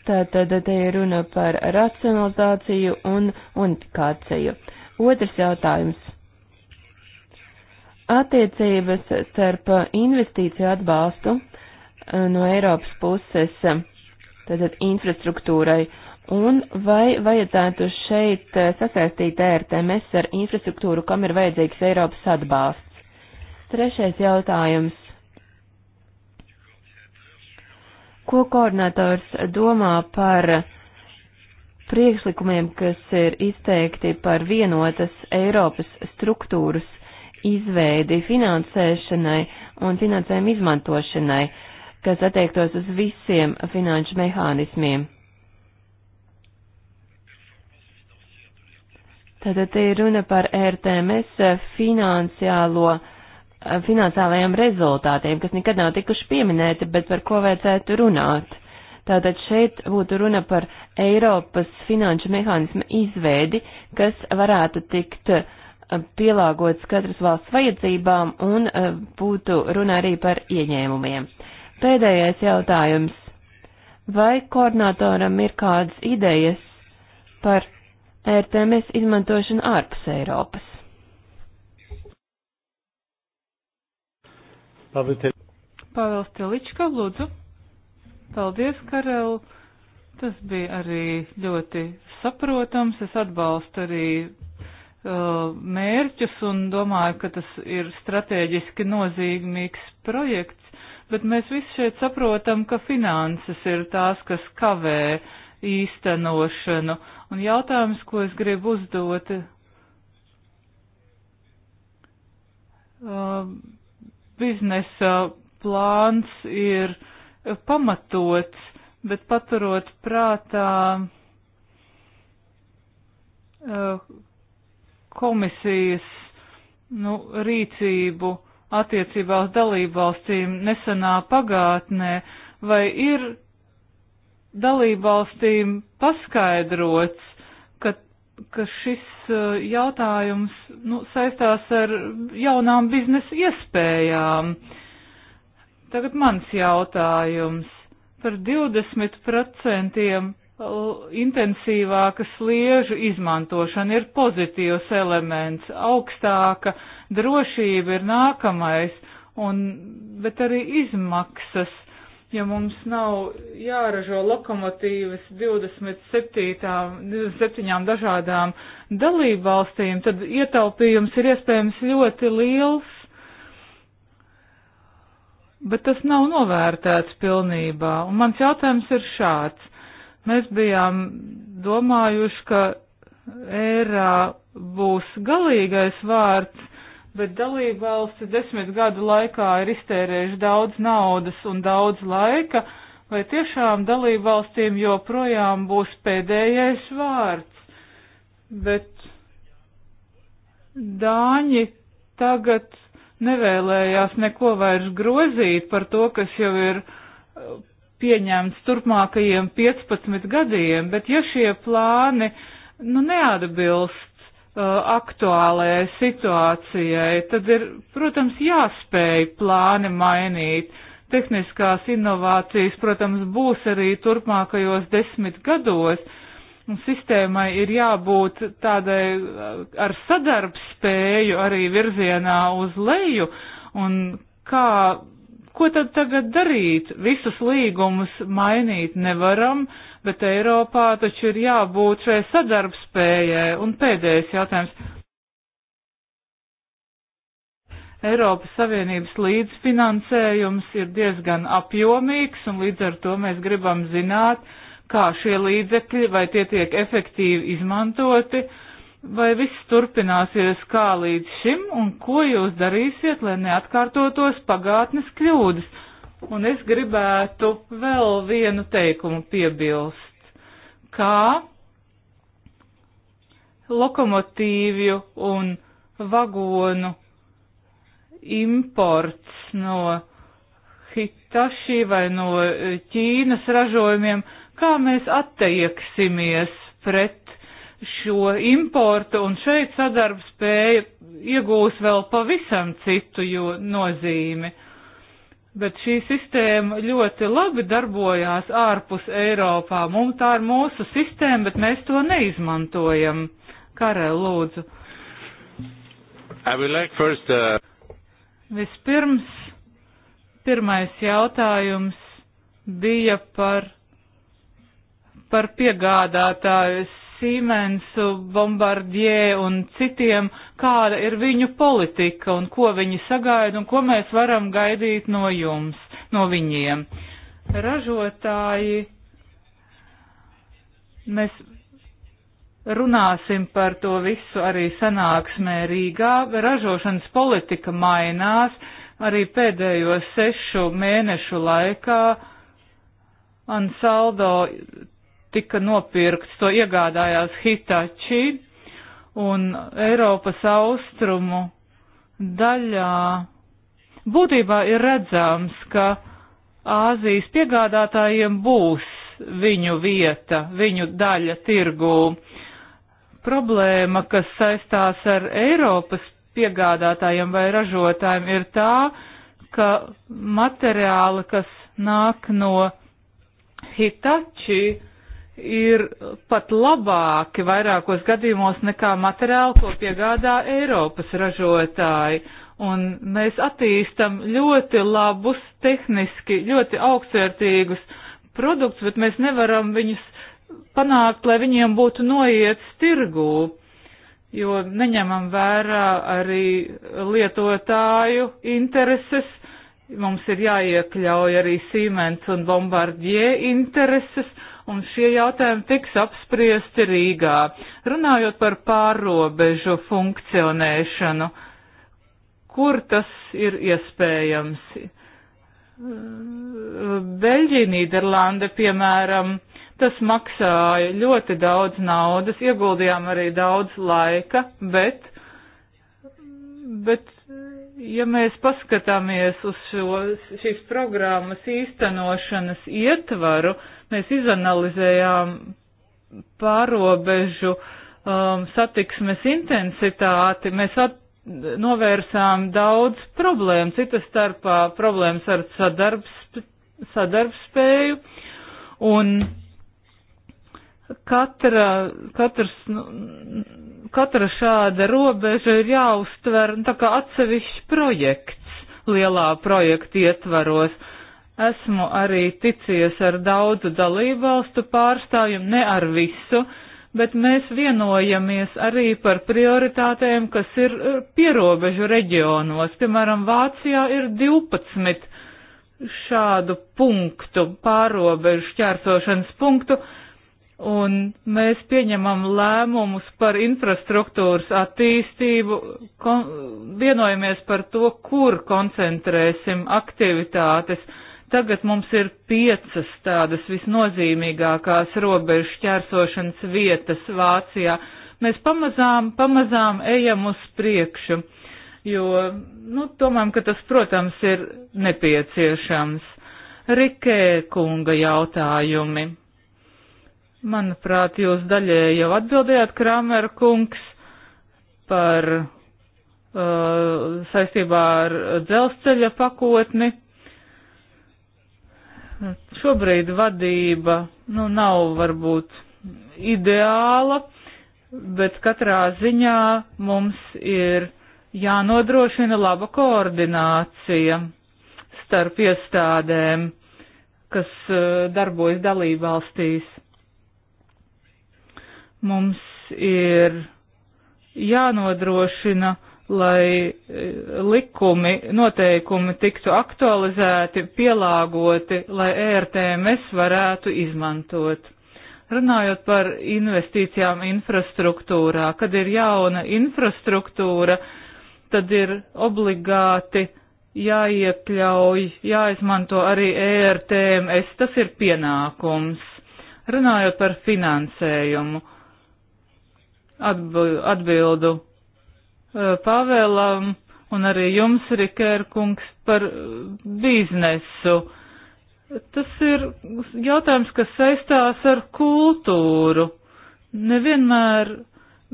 Tātad te ir runa par racionalizāciju un unifikāciju. Otrs jautājums. Attiecības starp investīciju atbalstu eh, no Eiropas puses, tātad infrastruktūrai, un vai vajadzētu šeit eh, sasaistīt ērtēmēs e ar infrastruktūru, kam ir vajadzīgs Eiropas atbalsts. Trešais jautājums Ko koordinators domā par priekšlikumiem, kas ir izteikti par vienotas Eiropas struktūras izveidi finansēšanai un finansējuma izmantošanai, kas attiektos uz visiem finanšu mehānismiem? Tātad ir runa par RTMS finansiālo uh, finansiālajiem rezultātiem, kas nekad nav tikuši pieminēti, bet par ko vajadzētu runāt. Tātad šeit būtu runa par Eiropas finanšu mehānismu izveidi, kas varētu tikt eh, pielāgots katras valsts vajadzībām un eh, būtu runa arī par ieņēmumiem. Pēdējais jautājums. Vai koordinatoram ir kādas idejas par ērtēmēs izmantošanu ārpus Eiropas? Pāvils Telička, lūdzu. Paldies, Karel. Tas bija arī ļoti saprotams. Es atbalstu arī uh, mērķus un domāju, ka tas ir strateģiski nozīmīgs projekts, bet mēs visi šeit saprotam, ka finanses ir tās, kas kavē īstenošanu. Un jautājums, ko es gribu uzdot. Uh, biznesa plāns ir pamatots, bet paturot prātā eh, komisijas nu, rīcību attiecībā uz dalībvalstīm nesenā pagātnē, vai ir dalībvalstīm paskaidrots, ka šis eh, jautājums nu, saistās ar jaunām biznesa iespējām. Tagad mans jautājums par 20% eh, intensīvākas liežu izmantošana ir pozitīvs elements, augstāka drošība ir nākamais, un, bet arī izmaksas ja mums nav jāražo lokomotīvas 27, 27 dažādām dalībvalstīm, tad ietaupījums ir iespējams ļoti liels, bet tas nav novērtēts pilnībā. Un mans jautājums ir šāds. Mēs bijām domājuši, ka ērā būs galīgais vārds bet dalībvalsti desmit gadu laikā ir iztērējuši daudz naudas un daudz laika, vai tiešām dalībvalstīm joprojām būs pēdējais vārds. Bet Dāņi tagad nevēlējās neko vairs grozīt par to, kas jau ir uh, pieņemts turpmākajiem 15 gadiem, bet ja šie plāni nu, neatbilst Uh, aktuālajai situācijai, tad ir, protams, jāspēj plāni mainīt. Tehniskās inovācijas, protams, būs arī turpmākajos desmit gados, un sistēmai ir jābūt tādai uh, ar sadarbspēju arī virzienā uz leju, un kā, ko tad tagad darīt? Visus līgumus mainīt nevaram, uh, bet Eiropā taču ir jābūt šai sadarbspējai. Un pēdējais jautājums. Eiropas Savienības līdzfinansējums ir diezgan apjomīgs, un līdz ar to mēs gribam zināt, kā šie līdzekļi, vai tie tiek efektīvi izmantoti, vai viss turpināsies kā līdz šim, un ko jūs darīsiet, lai neatkārtotos pagātnes kļūdas Un es gribētu vēl vienu teikumu piebilst, kā lokomotīvju un vagonu imports no Hitaši vai no Ķīnas ražojumiem, kā mēs attieksimies pret šo importu, un šeit sadarbspēja iegūs vēl pavisam citu nozīmi Bet šī sistēma ļoti labi darbojās ārpus Eiropā. Mums tā ir mūsu sistēma, bet mēs to neizmantojam. Karel, lūdzu. Like first, uh... Vispirms, pirmais jautājums bija par, par piegādātājus Siemensu, Bombardie un citiem, kāda ir viņu politika un ko viņi sagaida un ko mēs varam gaidīt no jums, no viņiem. Ražotāji, mēs runāsim par to visu arī sanāksmē Rīgā. Ražošanas politika mainās arī pēdējo sešu mēnešu laikā. Ansaldo tika nopirkts, to iegādājās Hitachi un Eiropas austrumu daļā būtībā ir redzams, ka Āzijas piegādātājiem būs viņu vieta, viņu daļa tirgū. Problēma, kas saistās ar Eiropas piegādātājiem vai ražotājiem, ir tā, ka materiāli, kas nāk no Hitachi, ir pat labāki vairākos gadījumos nekā materiāli, ko piegādā Eiropas ražotāji. Un mēs attīstam ļoti labus, tehniski ļoti augstvērtīgus produktus, bet mēs nevaram viņus panākt, lai viņiem būtu noiets tirgū, jo neņemam vērā arī lietotāju intereses. Mums ir jāiekļauj arī Siemens un Bombardie intereses un šie jautājumi tiks apspriesti Rīgā. Runājot par pārobežu funkcionēšanu, kur tas ir iespējams? Beļģija, Nīderlanda, piemēram, tas maksāja ļoti daudz naudas, ieguldījām arī daudz laika, bet, bet ja mēs paskatāmies uz šo, šīs programmas īstenošanas ietvaru, uh, Mēs izanalizējām pārobežu um, satiksmes intensitāti, mēs at, novērsām daudz problēmu, citas starpā problēmas ar sadarbs, sadarbspēju un katra, katrs, nu, katra šāda robeža ir jāuztver nu, tā kā atsevišķs projekts lielā projekta ietvaros Esmu arī ticies ar daudzu dalībvalstu pārstāvjumu, ne ar visu, bet mēs vienojamies arī par prioritātēm, kas ir eh, pierobežu reģionos. Piemēram, Vācijā ir 12 šādu punktu, pārobežu šķērsošanas punktu, un mēs pieņemam lēmumus par infrastruktūras attīstību, kon, vienojamies par to, kur koncentrēsim aktivitātes. Tagad mums ir piecas tādas visnozīmīgākās robežu šķērsošanas vietas Vācijā. Mēs pamazām, pamazām ejam uz priekšu, jo, nu, domājam, ka tas, protams, ir nepieciešams. Rikē kunga jautājumi. Manuprāt, jūs daļēji jau atbildējāt, Kramer kungs, par uh, saistībā ar dzelzceļa pakotni Šobrīd vadība nu, nav varbūt ideāla, bet katrā ziņā mums ir jānodrošina laba koordinācija starp iestādēm, kas e, darbojas dalībvalstīs. Mums ir jānodrošina lai eh, likumi, noteikumi tiktu aktualizēti, pielāgoti, lai ērtēmes e varētu izmantot. Runājot par investīcijām infrastruktūrā, kad ir jauna infrastruktūra, tad ir obligāti jāiekļauj, jāizmanto arī ERTMS, tas ir pienākums. Runājot par finansējumu, atbildu Eh, Pavēlam un arī jums, Rikērkungs, par eh, biznesu. Tas ir jautājums, kas saistās ar kultūru. Nevienmēr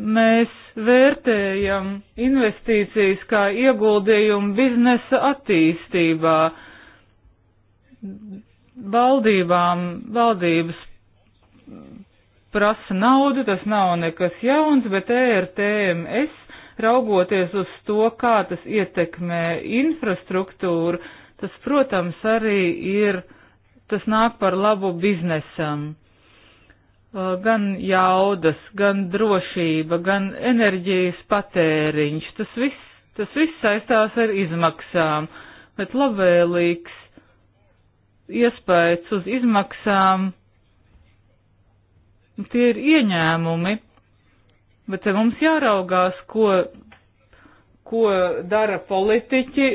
mēs vērtējam investīcijas kā ieguldījumu biznesa attīstībā. Valdībām, valdības prasa naudu, tas nav nekas jauns, bet ERTMS raugoties uz to, kā tas ietekmē infrastruktūru, tas, protams, arī ir, tas nāk par labu biznesam. Gan jaudas, gan drošība, gan enerģijas patēriņš, tas viss, tas viss saistās ar izmaksām, bet labvēlīgs iespējas uz izmaksām, tie ir ieņēmumi bet mums jāraugās, ko, ko dara politiķi,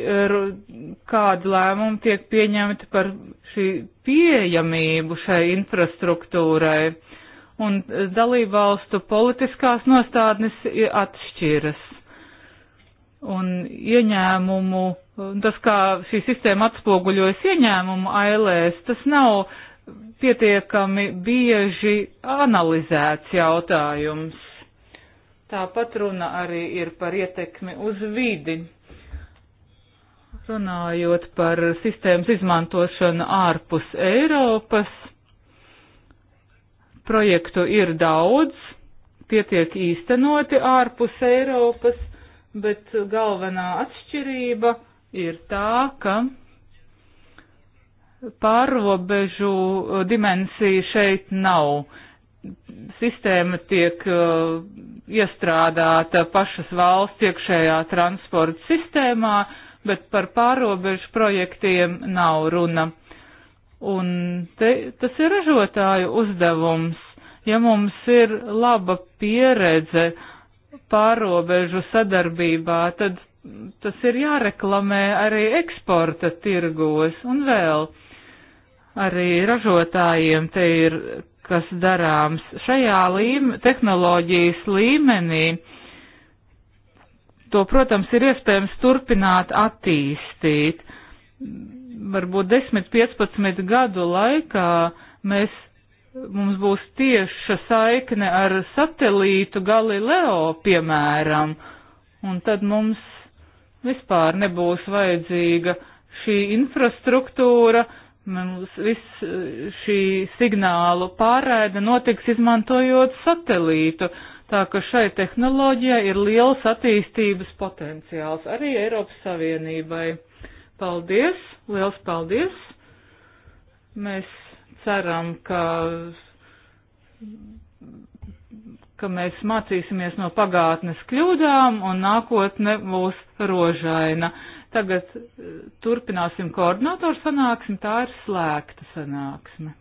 kādu lēmumu tiek pieņemti par šī pieejamību šai infrastruktūrai. Un dalībvalstu politiskās nostādnes atšķiras. Un ieņēmumu, tas kā šī sistēma atspoguļojas ieņēmumu ailēs, tas nav pietiekami bieži analizēts jautājums Tāpat runa arī ir par ietekmi uz vidi. Runājot par sistēmas izmantošanu ārpus Eiropas, projektu ir daudz, tie tiek īstenoti ārpus Eiropas, bet galvenā atšķirība ir tā, ka pārobežu dimensija šeit nav sistēma tiek uh, iestrādāta pašas valsts iekšējā transporta sistēmā, bet par pārobežu projektiem nav runa. Un te, tas ir ražotāju uzdevums. Ja mums ir laba pieredze pārobežu sadarbībā, tad tas ir jāreklamē arī eksporta tirgos un vēl. Arī ražotājiem te ir kas darāms šajā līme, tehnoloģijas līmenī, to, protams, ir iespējams turpināt attīstīt. Varbūt 10-15 gadu laikā mēs, mums būs tieša saikne ar satelītu Galileo, piemēram, un tad mums vispār nebūs vajadzīga šī infrastruktūra, Mums viss eh, šī signālu pārraida notiks izmantojot satelītu, tā ka šai tehnoloģijai ir liels attīstības potenciāls arī Eiropas Savienībai. Paldies, liels paldies! Mēs ceram, ka, ka mēs mācīsimies no pagātnes kļūdām un nākotne būs rožaina. Tagad eh, turpināsim koordinātoru sanāksmi, tā ir slēgta sanāksme.